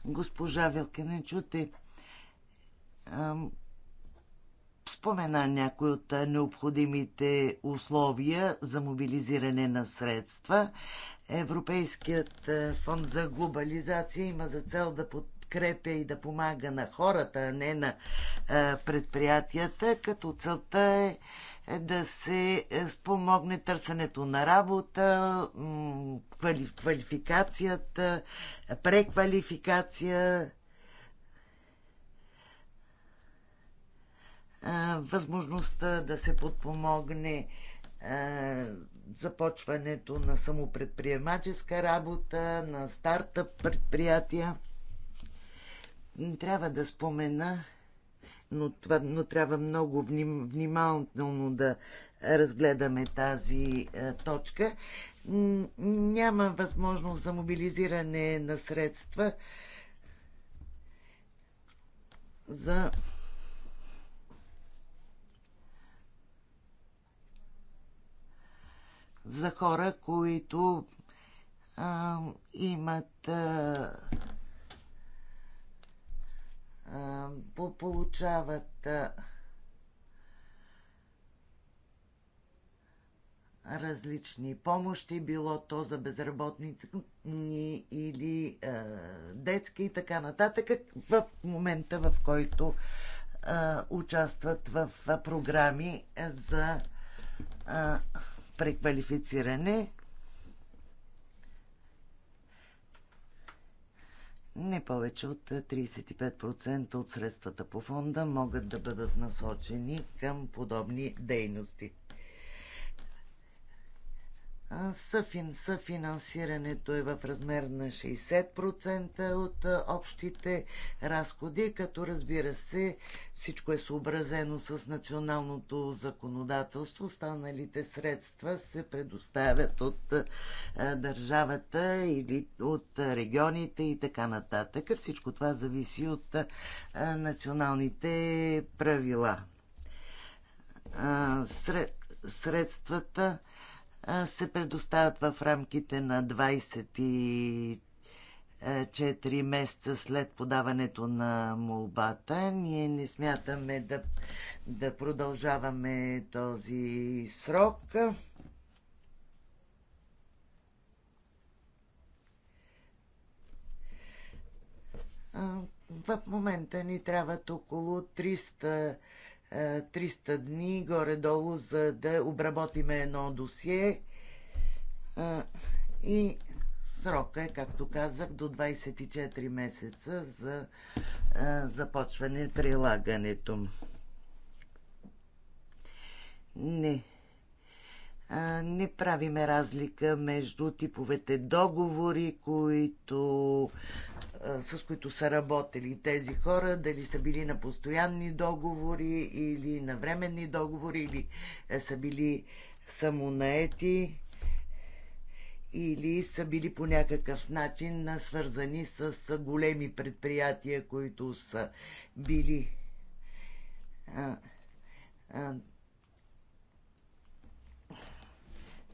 Госпожа Вилкина, чуте, спомена някои от необходимите условия за мобилизиране на средства. Европейският е, фонд за глобализация има за цел да, под, подкрепя и да помага на хората, а не на предприятията, като целта е, е да се е, спомогне търсенето на работа, квалификацията, преквалификация, възможността да се подпомогне започването на самопредприемаческа работа, на стартъп предприятия трябва да спомена, но, това, но трябва много вним, внимателно да разгледаме тази е, точка. Няма възможност за мобилизиране на средства за за хора, които а, имат а, получават различни помощи, било то за безработни или а, детски и така нататък, в момента в който а, участват в програми за а, преквалифициране. не повече от 35% е, от средствата по фонда могат да бъдат насочени към подобни дейности. Съфин, съфинансирането е в размер на 60% от общите разходи, като разбира се всичко е съобразено с националното законодателство. Останалите средства се предоставят от държавата или от регионите и така нататък. Всичко това зависи от националните правила. Средствата се предоставят в рамките на 24 месеца след подаването на молбата. Ние не смятаме да, да продължаваме този срок. В момента ни трябват около 300 300 дни горе-долу, за да обработиме едно досие. И срока е, както казах, до 24 месеца за започване прилагането. Не. Не правиме разлика между типовете договори, които с които са работили тези хора, дали са били на постоянни договори или на временни договори, или е, са били самонаети, или са били по някакъв начин свързани с големи предприятия, които са били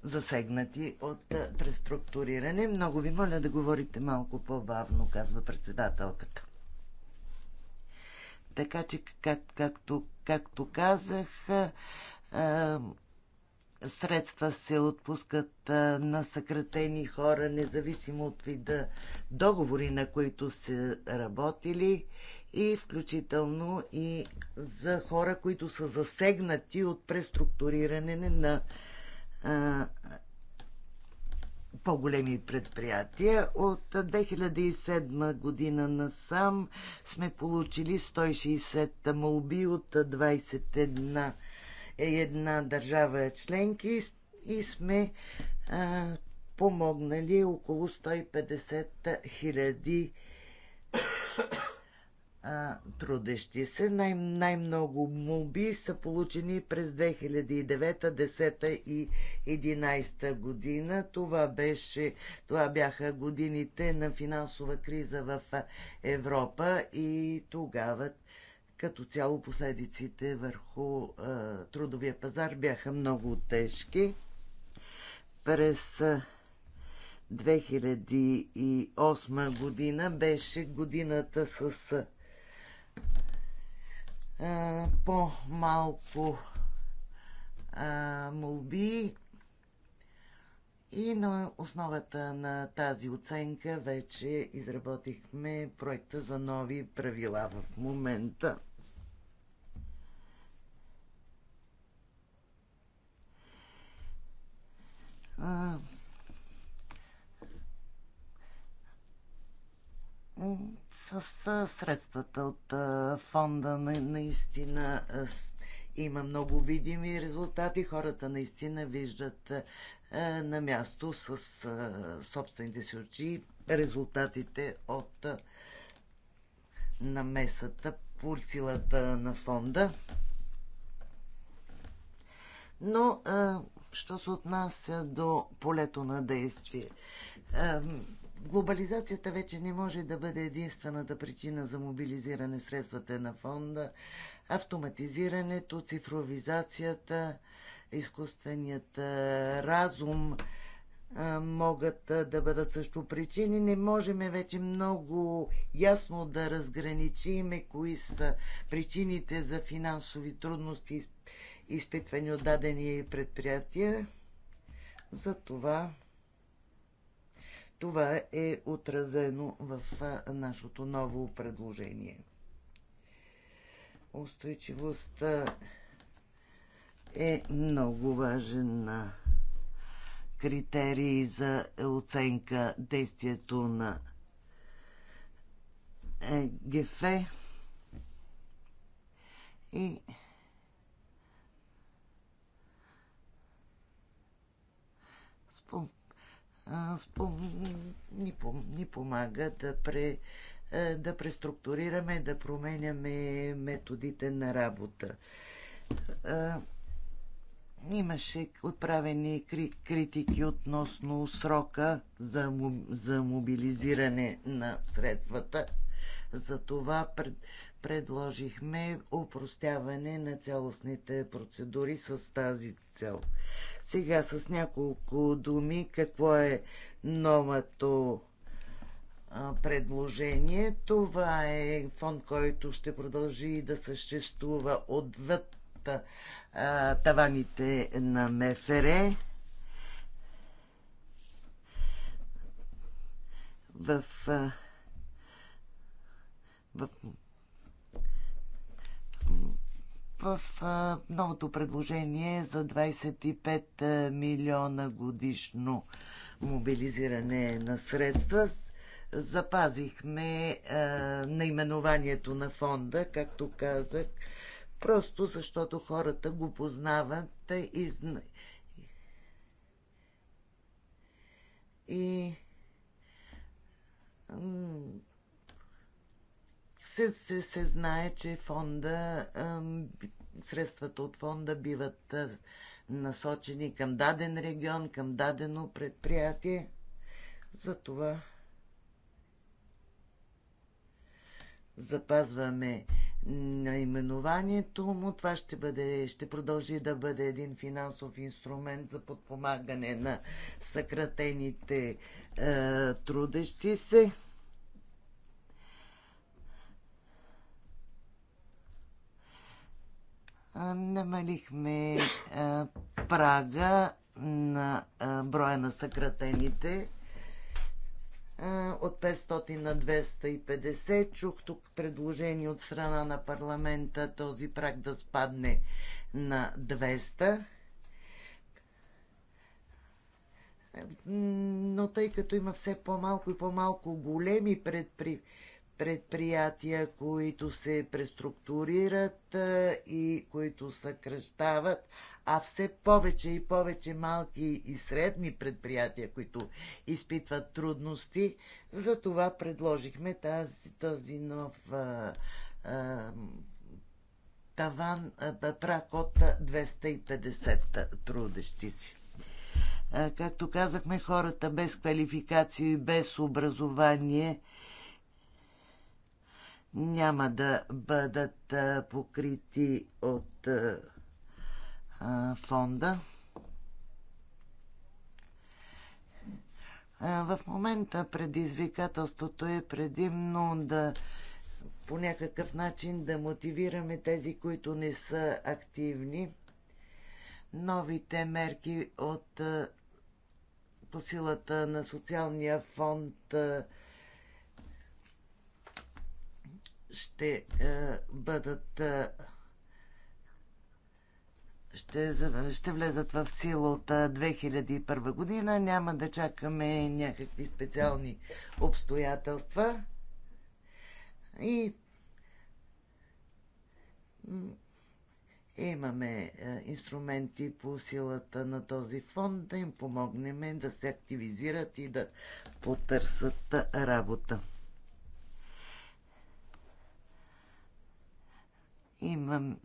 засегнати от преструктуриране. Много ви моля да говорите малко по-бавно, казва председателката. Така че, как, както, както казах, средства се отпускат на съкратени хора, независимо от вида договори, на които са работили и включително и за хора, които са засегнати от преструктуриране на по-големи предприятия. От 2007 година насам сме получили 160 молби от 21 е, една държава членки и сме а, помогнали около 150 хиляди а, трудещи се. Най- най-много моби са получени през 2009, 10 и 11 година. Това, беше, това бяха годините на финансова криза в Европа и тогава като цяло последиците върху а, трудовия пазар бяха много тежки. През 2008 година беше годината с по-малко молби и на основата на тази оценка вече изработихме проекта за нови правила в момента. с, с средствата от фонда на, наистина има много видими резултати. Хората наистина виждат на място с собствените си очи резултатите от намесата по силата на фонда. Но, що се отнася до полето на действие, глобализацията вече не може да бъде единствената причина за мобилизиране средствата на фонда. Автоматизирането, цифровизацията, изкуственият разум могат да бъдат също причини. Не можем вече много ясно да разграничиме кои са причините за финансови трудности, изпитвани от дадени предприятия. За това това е отразено в нашето ново предложение. Устойчивостта е много важен критерий за оценка действието на ГФ и спом спом... ни, пом... ни помага да, пре... да преструктурираме, да променяме методите на работа. Имаше отправени критики относно срока за, за мобилизиране на средствата. Затова пред, предложихме упростяване на цялостните процедури с тази цел. Сега с няколко думи какво е новото предложение. Това е фонд, който ще продължи да съществува отвъд таваните на МФР. В, в в новото предложение за 25 милиона годишно мобилизиране на средства запазихме а, наименованието на фонда, както казах, просто защото хората го познават и и се, се, се знае, че фонда, средствата от фонда биват насочени към даден регион, към дадено предприятие. Затова запазваме наименованието му. Това ще, бъде, ще продължи да бъде един финансов инструмент за подпомагане на съкратените е, трудещи се. намалихме прага на броя на съкратените от 500 на 250. Чух тук предложение от страна на парламента този праг да спадне на 200. Но тъй като има все по-малко и по-малко големи предприятия, предприятия, които се преструктурират и които съкръщават, а все повече и повече малки и средни предприятия, които изпитват трудности. Затова предложихме тази, този нов а, а, таван, а, прак от 250 трудещи си както казахме, хората без квалификация и без образование няма да бъдат покрити от фонда. В момента предизвикателството е предимно да по някакъв начин да мотивираме тези, които не са активни. Новите мерки от по силата на социалния фонд ще е, бъдат е, ще, ще влезат в сила от 2001 е, година. Няма да чакаме някакви специални обстоятелства. И имаме инструменти по силата на този фонд да им помогнем да се активизират и да потърсят работа. имам,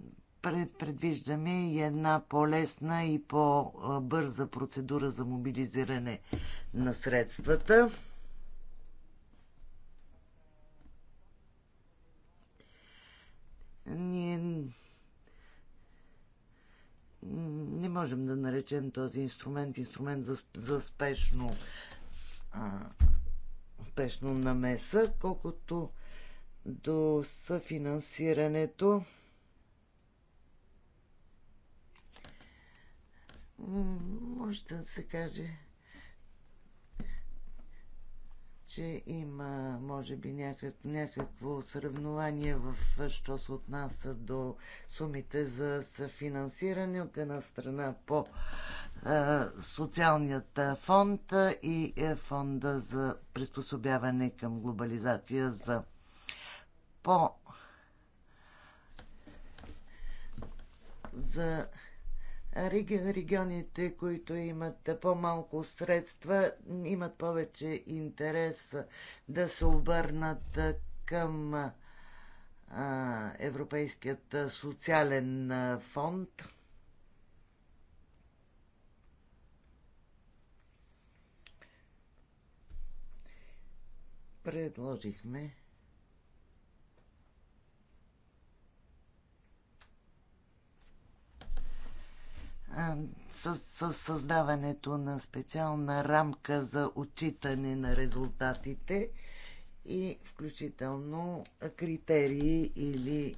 пред, предвиждаме и една по-лесна и по-бърза процедура за мобилизиране на средствата. Ние не можем да наречем този инструмент инструмент за, за спешно а, спешно намеса, колкото до съфинансирането. може да се каже, че има, може би, някак, някакво сравнование в що се отнася до сумите за съфинансиране. От една страна по социалният фонд и е, фонда за приспособяване към глобализация за по за регионите, които имат по-малко средства, имат повече интерес да се обърнат към Европейският социален фонд. Предложихме Със създаването на специална рамка за отчитане на резултатите и включително критерии или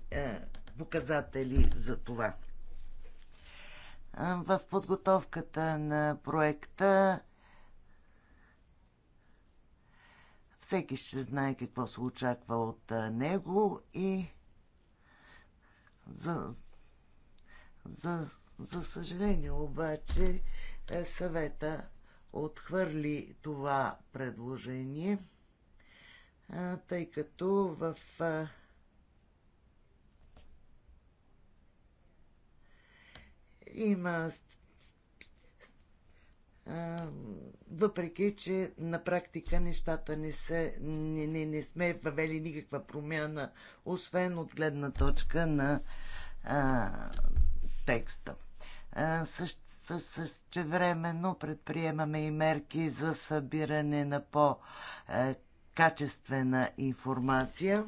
показатели за това. В подготовката на проекта всеки ще знае какво се очаква от него и за, за за съжаление обаче е, съвета отхвърли това предложение, е, тъй като в е, има въпреки, че на практика нещата не се, не, не, не сме въвели никаква промяна, освен от гледна точка на а, текста. Също, е, също времено предприемаме и мерки за събиране на по-качествена информация.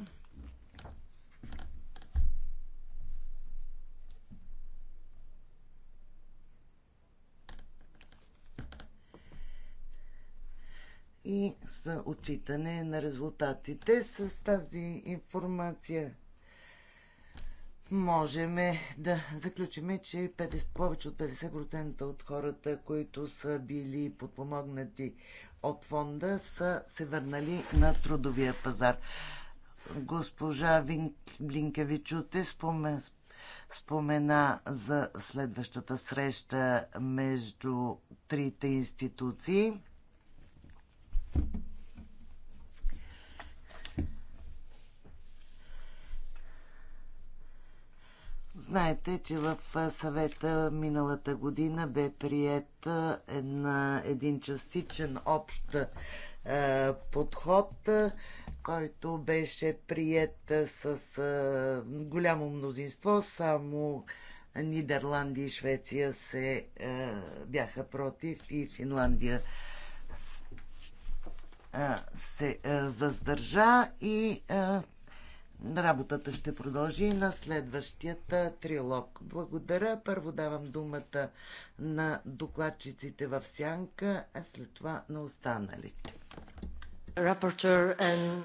и за отчитане на резултатите. С тази информация можем да заключим, че 50, повече от 50% от хората, които са били подпомогнати от фонда, са се върнали на трудовия пазар. Госпожа Блинкевичуте спомен, спомена за следващата среща между трите институции. Знаете, че в съвета миналата година бе прият една, един частичен общ е, подход, който беше прият с е, голямо мнозинство, само Нидерландия и Швеция се е, бяха против и Финландия се въздържа и работата ще продължи на следващият трилог. Благодаря. Първо давам думата на докладчиците в сянка, а след това на останалите.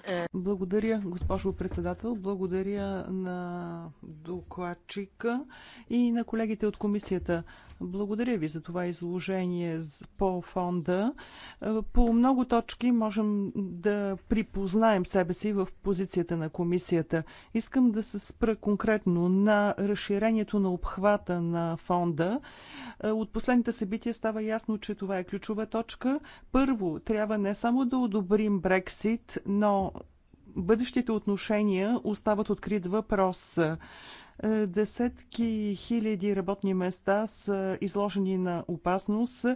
Е, Благодаря, госпожо председател. Благодаря на докладчика и на колегите от комисията. Благодаря ви за това изложение по фонда. Е, по много точки можем да припознаем себе си в позицията на комисията. Искам да се спра конкретно на разширението на обхвата на фонда. Е, от последните събития става ясно, че това е ключова точка. Първо, трябва не само да одобрим Брексит, но бъдещите отношения остават открит въпрос. Е, десетки хиляди работни места са изложени на опасност,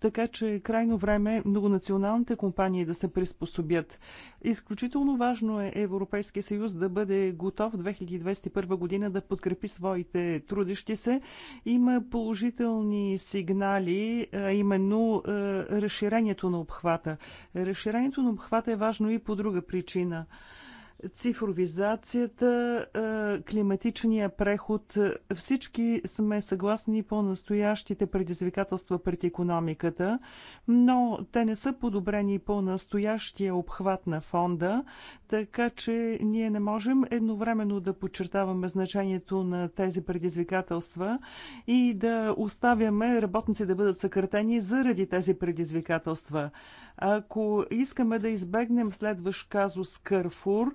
така че е крайно време многонационалните компании да се приспособят. Изключително важно е Европейския съюз да бъде готов 2021 година да подкрепи своите трудещи се. Има положителни сигнали, именно е, разширението на обхвата. Разширението на обхвата е важно и по друга причина – цифровизацията, климатичния преход. Всички сме съгласни по настоящите предизвикателства пред економиката, но те не са подобрени по настоящия обхват на фонда така че ние не можем едновременно да подчертаваме значението на тези предизвикателства и да оставяме работници да бъдат съкратени заради тези предизвикателства. Ако искаме да избегнем следващ казус Кърфур,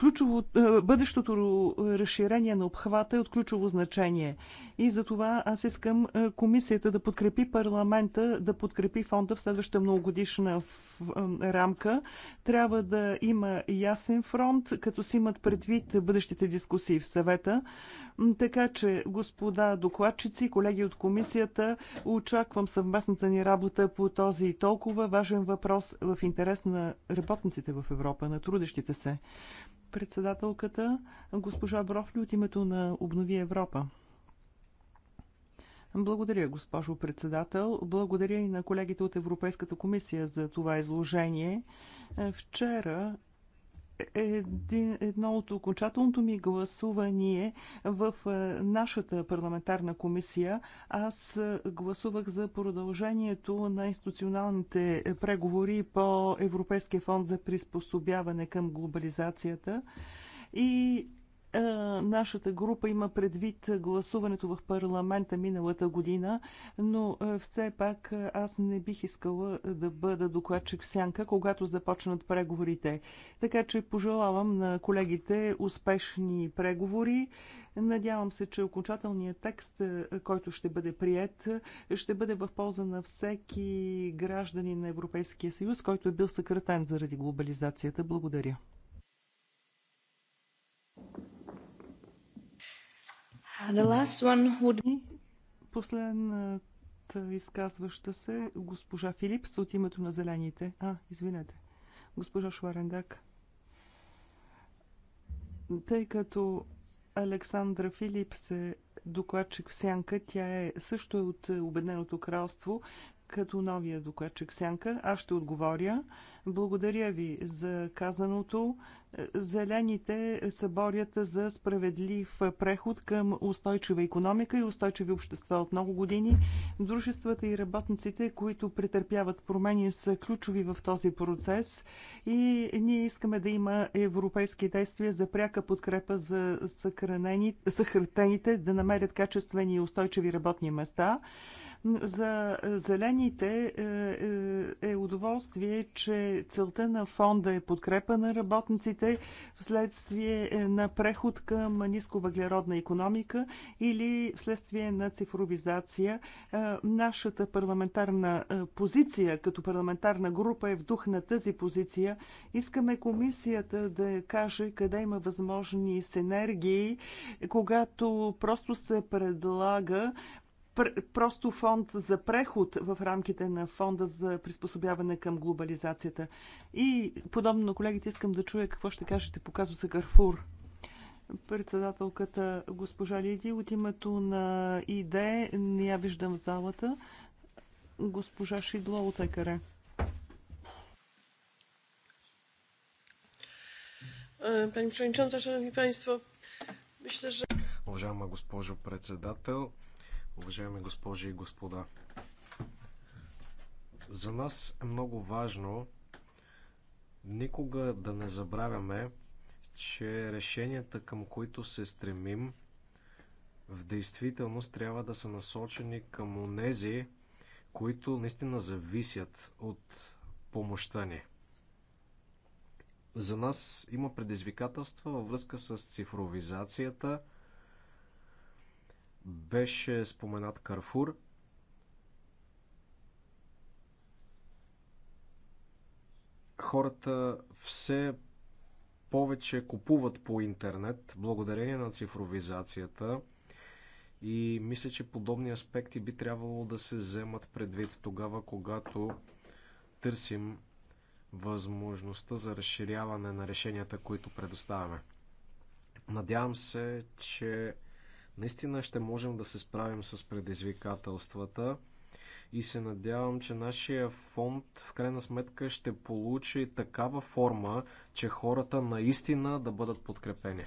ключово, е, бъдещото разширение на обхвата е от ключово значение. И за това аз искам е, комисията да подкрепи парламента, да подкрепи фонда в следващата многогодишна е, рамка. Трябва да има ясен фронт, като си имат предвид бъдещите дискусии в съвета. Така че, господа докладчици, колеги от комисията, очаквам съвместната ни работа по този толкова важен въпрос в интерес на работниците в Европа, на трудещите се. Председателката, госпожа Брофли от името на Обнови Европа. Благодаря, госпожо председател. Благодаря и на колегите от Европейската комисия за това изложение. Вчера един, едно от окончателното ми гласувание в е, нашата парламентарна комисия. Аз е, гласувах за продължението на институционалните преговори по Европейския фонд за приспособяване към глобализацията. И е, нашата група има предвид гласуването в парламента миналата година, но е, все пак е, аз не бих искала да бъда докладчик в сянка, когато започнат преговорите. Така че пожелавам на колегите успешни преговори. Надявам се, че окончателният текст, който ще бъде прият, ще бъде в полза на всеки граждани на Европейския съюз, който е бил съкратен заради глобализацията. Благодаря. Uh, would... Последната изказваща се госпожа Филипс от името на Зелените. А, извинете. Госпожа Шварендак. Тъй като Александра Филипс е докладчик в Сянка, тя е също е от Обедненото кралство, като новия докладчик Сянка. Аз ще отговоря. Благодаря ви за казаното. Зелените са борята за справедлив преход към устойчива економика и устойчиви общества от много години. Дружествата и работниците, които претърпяват промени, са ключови в този процес и ние искаме да има европейски действия за пряка подкрепа за съхратените да намерят качествени и устойчиви работни места. За зелените е, е, е удоволствие, че целта на фонда е подкрепа на работниците вследствие на преход към нисковъглеродна економика или вследствие на цифровизация. Е, нашата парламентарна е, позиция като парламентарна група е в дух на тази позиция. Искаме комисията да каже къде има възможни синергии, когато просто се предлага просто фонд за преход в рамките на фонда за приспособяване към глобализацията. И подобно на колегите искам да чуя какво ще кажете по казуса Гарфур. Председателката госпожа Лиди от името на ИД не я виждам в залата. Госпожа Шидло от ЕКАРЕ. Пани Przewodnicząca, Szanowni Państwo,
myślę, że... Уважаема госпожо председател, уважаеми госпожи и господа. За нас е много важно никога да не забравяме, че решенията, към които се стремим, в действителност трябва да са насочени към онези, които наистина зависят от помощта ни. За нас има предизвикателства във връзка с цифровизацията – беше споменат Карфур. Хората все повече купуват по интернет благодарение на цифровизацията и мисля, че подобни аспекти би трябвало да се вземат предвид тогава, когато търсим възможността за разширяване на решенията, които предоставяме. Надявам се, че Наистина ще можем да се справим с предизвикателствата и се надявам, че нашия фонд в крайна сметка ще получи такава форма, че хората наистина да бъдат подкрепени.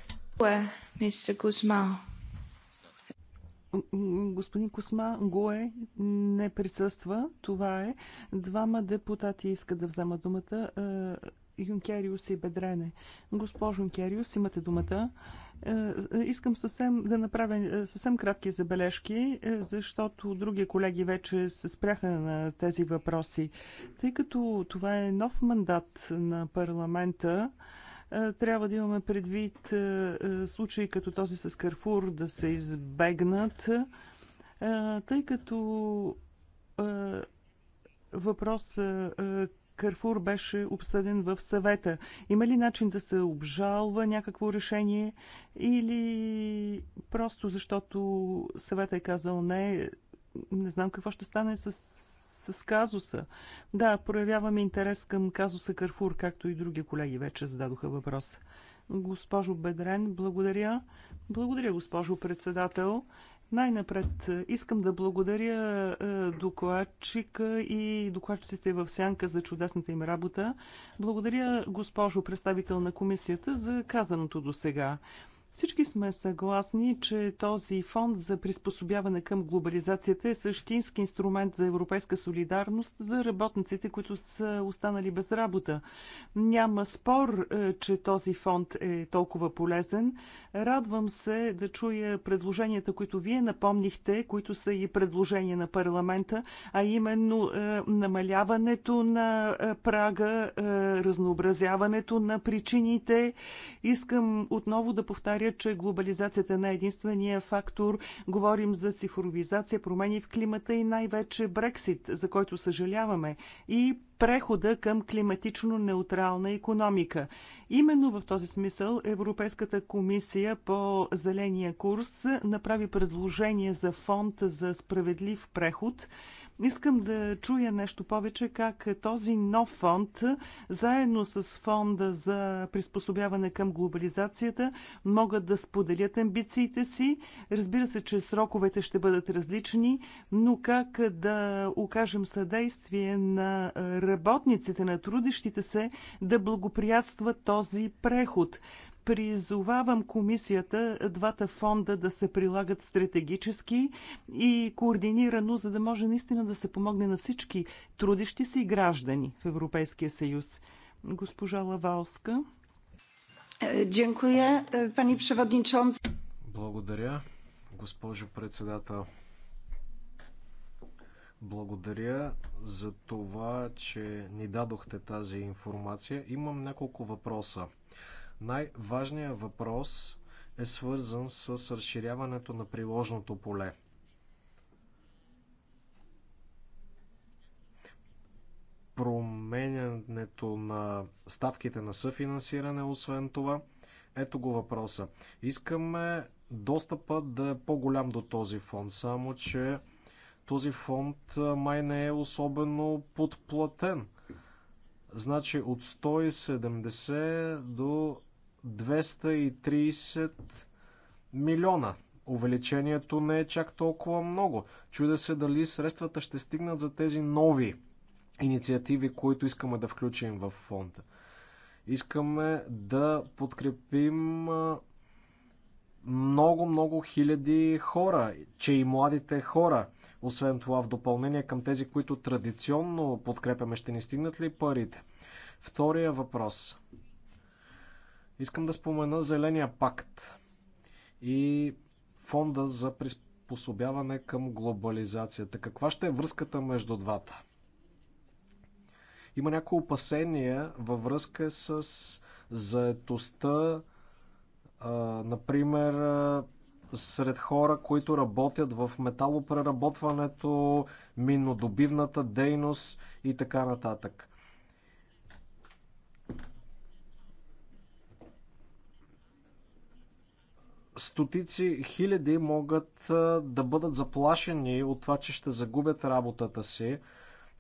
Господин Косма Гое не присъства. Това е. Двама депутати искат да вземат думата. Е, Юнкериус и Бедрене. Госпожо Юнкериус, имате думата. Е, е, искам съвсем да направя е, съвсем кратки забележки, защото други колеги вече се спряха на тези въпроси. Тъй като това е нов мандат на парламента, трябва да имаме предвид случаи като този с Карфур да се избегнат, тъй като въпрос Карфур беше обсъден в съвета. Има ли начин да се обжалва някакво решение или просто защото съвета е казал не, не знам какво ще стане с, с казуса. Да, проявяваме интерес към казуса Карфур, както и други колеги вече зададоха въпроса. Госпожо Бедрен, благодаря. Благодаря, госпожо председател. Най-напред е, искам да благодаря е, докладчика и докладчиците в Сянка за чудесната им работа. Благодаря, госпожо представител на комисията, за казаното до сега. Всички сме съгласни, че този фонд за приспособяване към глобализацията е същински инструмент за европейска солидарност за работниците, които са останали без работа. Няма спор, е, че този фонд е толкова полезен. Радвам се да чуя предложенията, които вие напомнихте, които са и предложения на парламента, а именно е, намаляването на е, прага, разнообразяването на причините. Искам отново да повтаря твърдя, че глобализацията не е единствения фактор. Говорим за цифровизация, промени в климата и най-вече Брексит, за който съжаляваме. И прехода към климатично неутрална економика. Именно в този смисъл Европейската комисия по зеления курс направи предложение за фонд за справедлив преход – Искам да чуя нещо повече как този нов фонд, заедно с фонда за приспособяване към глобализацията, могат да споделят амбициите си. Разбира се, че сроковете ще бъдат различни, но как да окажем съдействие на работниците, на трудещите се, да благоприятства този преход. Призовавам комисията двата фонда да се прилагат стратегически и координирано, за да може наистина да се помогне на всички трудещи си граждани в Европейския съюз. Госпожа Лавалска. Дякую, пани Преводничонц.
Благодаря, госпожо председател. Благодаря за това, че ни дадохте тази информация. Имам няколко въпроса. Най-важният въпрос е свързан с разширяването на приложното поле. Променянето на ставките на съфинансиране, освен това. Ето го въпроса. Искаме достъпа да е по-голям до този фонд, само че този фонд май не е особено подплатен. Значи от 170 до 230 милиона. Увеличението не е чак толкова много. Чуда се дали средствата ще стигнат за тези нови инициативи, които искаме да включим в фонда. Искаме да подкрепим много, много хиляди хора, че и младите хора, освен това в допълнение към тези, които традиционно подкрепяме, ще ни стигнат ли парите? Втория въпрос – Искам да спомена Зеления пакт и фонда за приспособяване към глобализацията. Каква ще е връзката между двата? Има някои опасения във връзка с заетостта, например, сред хора, които работят в металопреработването, миннодобивната дейност и така нататък. стотици хиляди могат да бъдат заплашени от това, че ще загубят работата си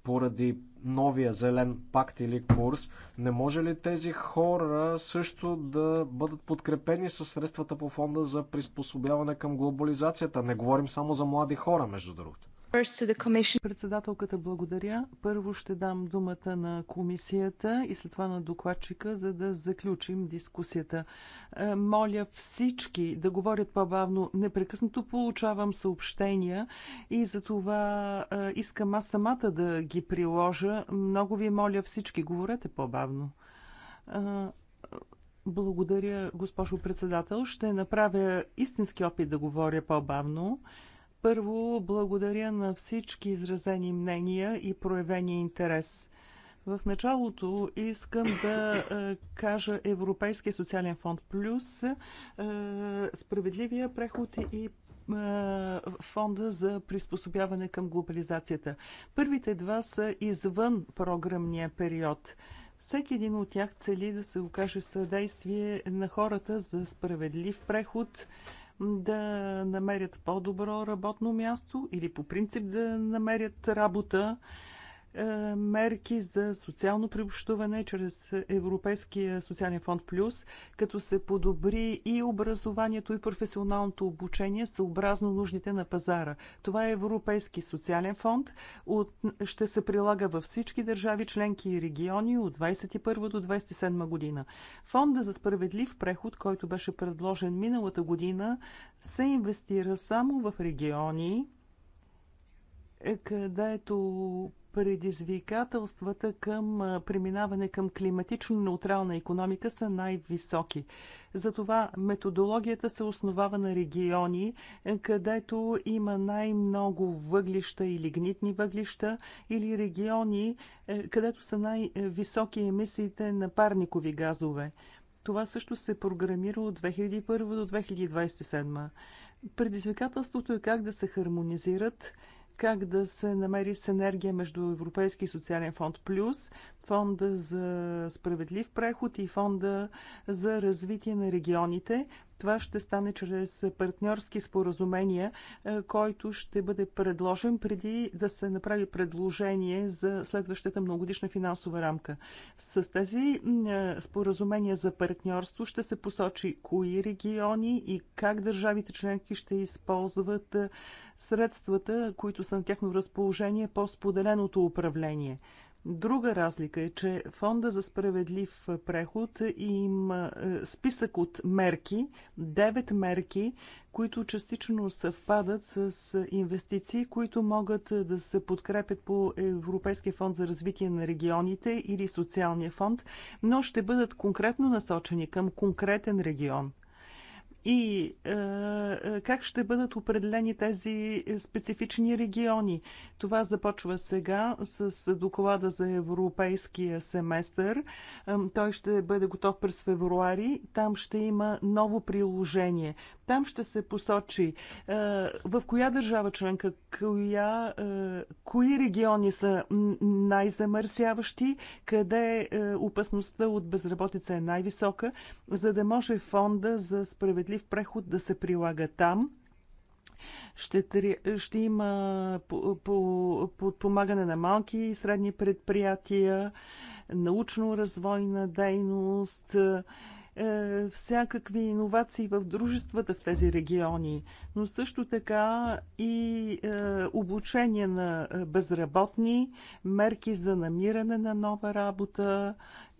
поради новия зелен пакт или курс. Не може ли тези хора също да бъдат подкрепени със средствата по фонда за приспособяване към глобализацията? Не говорим само за млади хора, между другото.
Председателката благодаря. Първо ще дам думата на комисията и след това на докладчика, за да заключим дискусията. Е, моля всички да говорят по-бавно. Непрекъснато получавам съобщения и за това е, искам аз самата да ги приложа. Много ви моля всички, говорете по-бавно. Е, благодаря, госпожо председател. Ще направя истински опит да говоря по-бавно. Първо, благодаря на всички изразени мнения и проявени интерес. В началото искам да е, кажа Европейския социален фонд плюс е, справедливия преход и е, фонда за приспособяване към глобализацията. Първите два са извън програмния период. Всеки един от тях цели да се окаже съдействие на хората за справедлив преход, да намерят по-добро работно място или по принцип да намерят работа е, мерки за социално приобщуване чрез Европейския социален фонд Плюс, като се подобри и образованието и професионалното обучение съобразно нуждите на пазара. Това е Европейски социален фонд. От, ще се прилага във всички държави, членки и региони от 21 до 27 година. Фонда за справедлив преход, който беше предложен миналата година, се инвестира само в региони, където предизвикателствата към преминаване към климатично неутрална економика са най-високи. Затова методологията се основава на региони, е, където има най-много въглища или гнитни въглища, или региони, е, където са най-високи емисиите на парникови газове. Това също се програмира от 2001 до 2027. Предизвикателството е как да се хармонизират как да се намери синергия между Европейски социален фонд Плюс, Фонда за справедлив преход и Фонда за развитие на регионите, това ще стане чрез партньорски споразумения, е, който ще бъде предложен преди да се направи предложение за следващата многодишна финансова рамка. С тези е, споразумения за партньорство ще се посочи кои региони и как държавите членки ще използват е, средствата, които са на тяхно разположение по споделеното управление. Друга разлика е, че Фонда за справедлив преход има е, списък от мерки, 9 мерки, които частично съвпадат с инвестиции, които могат е, да се подкрепят по Европейския фонд за развитие на регионите или социалния фонд, но ще бъдат конкретно насочени към конкретен регион – и а, е, е, как ще бъдат определени тези специфични региони. Това започва сега с доклада за европейския семестър. Е, той ще бъде готов през февруари. Там ще има ново приложение. Там ще се посочи в коя държава членка, коя, кои региони са най-замърсяващи, къде е, опасността от безработица е най-висока, за да може фонда за справедливост справедлив преход да се прилага там. Ще, ще има подпомагане на малки и средни предприятия, научно-развойна дейност, е, всякакви иновации в дружествата в тези региони, но също така и е, обучение на е, безработни, мерки за намиране на нова работа,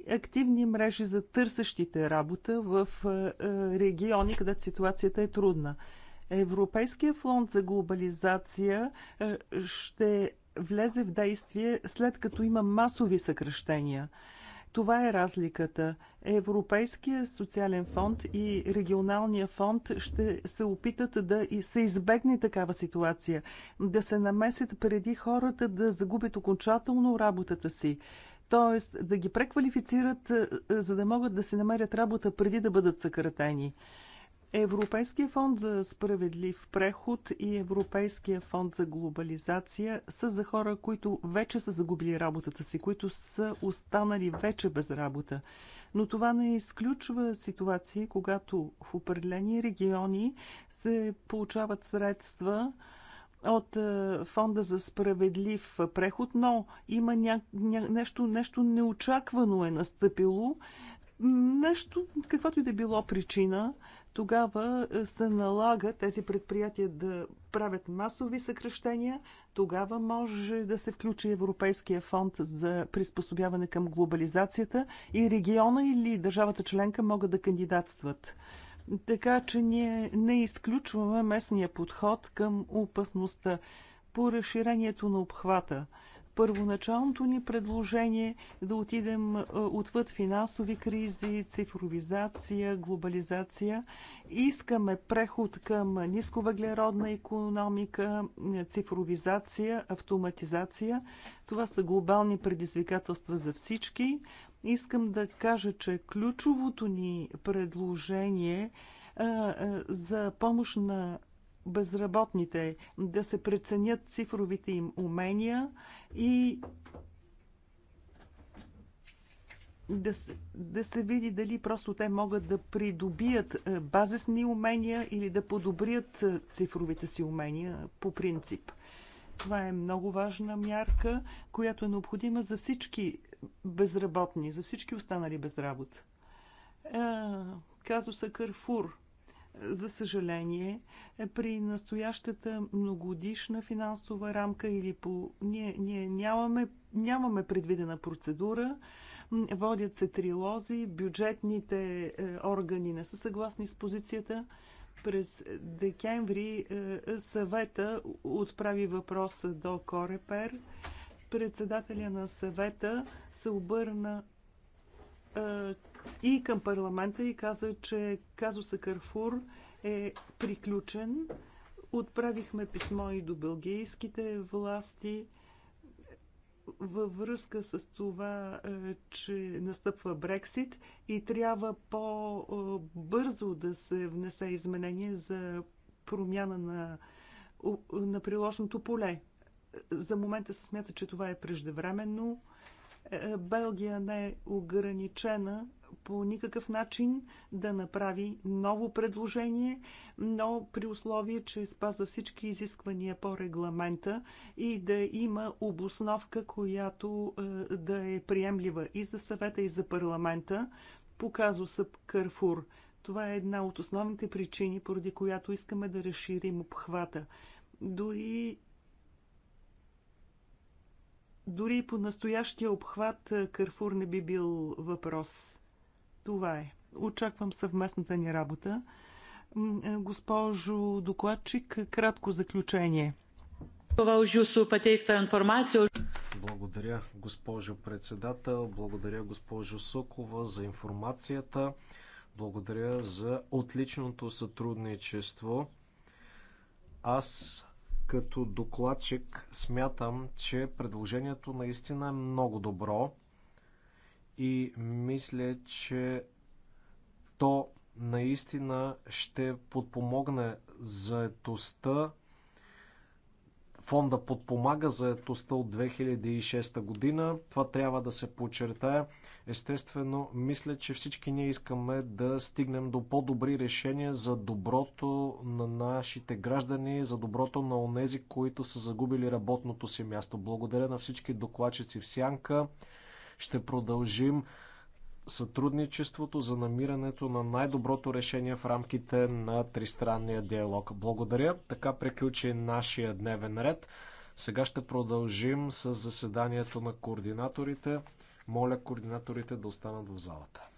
активни мрежи за търсещите работа в е, е, региони, където ситуацията е трудна. Европейския фонд за глобализация е, ще влезе в действие след като има масови съкръщения. Това е разликата. Европейския социален фонд и регионалния фонд ще се опитат да и се избегне такава ситуация, да се намесят преди хората да загубят окончателно работата си т.е. да ги преквалифицират, е, е, за да могат да си намерят работа преди да бъдат съкратени. Европейския фонд за справедлив преход и Европейския фонд за глобализация са за хора, които вече са загубили работата си, които са останали вече без работа. Но това не изключва ситуации, когато в определени региони се получават средства, от е, Фонда за справедлив преход, но има ня... Ня... Нещо, нещо неочаквано е настъпило. Нещо, каквато и да било причина, тогава е, се налага тези предприятия да правят масови съкръщения, тогава може да се включи Европейския фонд за приспособяване към глобализацията и региона или държавата членка могат да кандидатстват. Така че ние не изключваме местния подход към опасността по разширението на обхвата. Първоначалното ни предложение е да отидем е, отвъд финансови кризи, цифровизация, глобализация. Искаме преход към нисковъглеродна економика, цифровизация, автоматизация. Това са глобални предизвикателства за всички искам да кажа, че ключовото ни предложение за помощ на безработните да се преценят цифровите им умения и да се, да се види дали просто те могат да придобият базисни умения или да подобрят цифровите си умения по принцип. Това е много важна мярка, която е необходима за всички безработни, за всички останали без работа. Е, Казуса Карфур. За съжаление, е, при настоящата многодишна финансова рамка или по... Ние, ние нямаме, нямаме предвидена процедура, водят се трилози, бюджетните е, органи не са съгласни с позицията. През декември съвета отправи въпроса до Корепер председателя на съвета се обърна а, и към парламента и каза, че казуса Карфур е приключен. Отправихме писмо и до бългийските власти във връзка с това, че настъпва Брексит и трябва по-бързо да се внесе изменение за промяна на, на приложното поле. За момента се смята, че това е преждевременно. Е, е, Белгия не е ограничена по никакъв начин да направи ново предложение, но при условие, че спазва всички изисквания по регламента и да има обосновка, която е, да е приемлива и за съвета, и за парламента показва съб Карфур. Това е една от основните причини, поради която искаме да разширим обхвата. Дори дори по настоящия обхват е, Карфур не би бил въпрос. Това е. Очаквам съвместната ни работа. Е, госпожо докладчик, кратко заключение.
Благодаря, госпожо председател. Благодаря, госпожо Сокова, за информацията. Благодаря за отличното сътрудничество. Аз като докладчик смятам, че предложението наистина е много добро и мисля, че то наистина ще подпомогне заетостта. Фонда подпомага заетостта от 2006 година. Това трябва да се подчертая. Естествено, мисля, че всички ние искаме да стигнем до по-добри решения за доброто на нашите граждани, за доброто на онези, които са загубили работното си място. Благодаря на всички докладчици в Сянка. Ще продължим сътрудничеството за намирането на най-доброто решение в рамките на тристранния диалог. Благодаря. Така приключи нашия дневен ред. Сега ще продължим с заседанието на координаторите. Моля координаторите да останат в залата.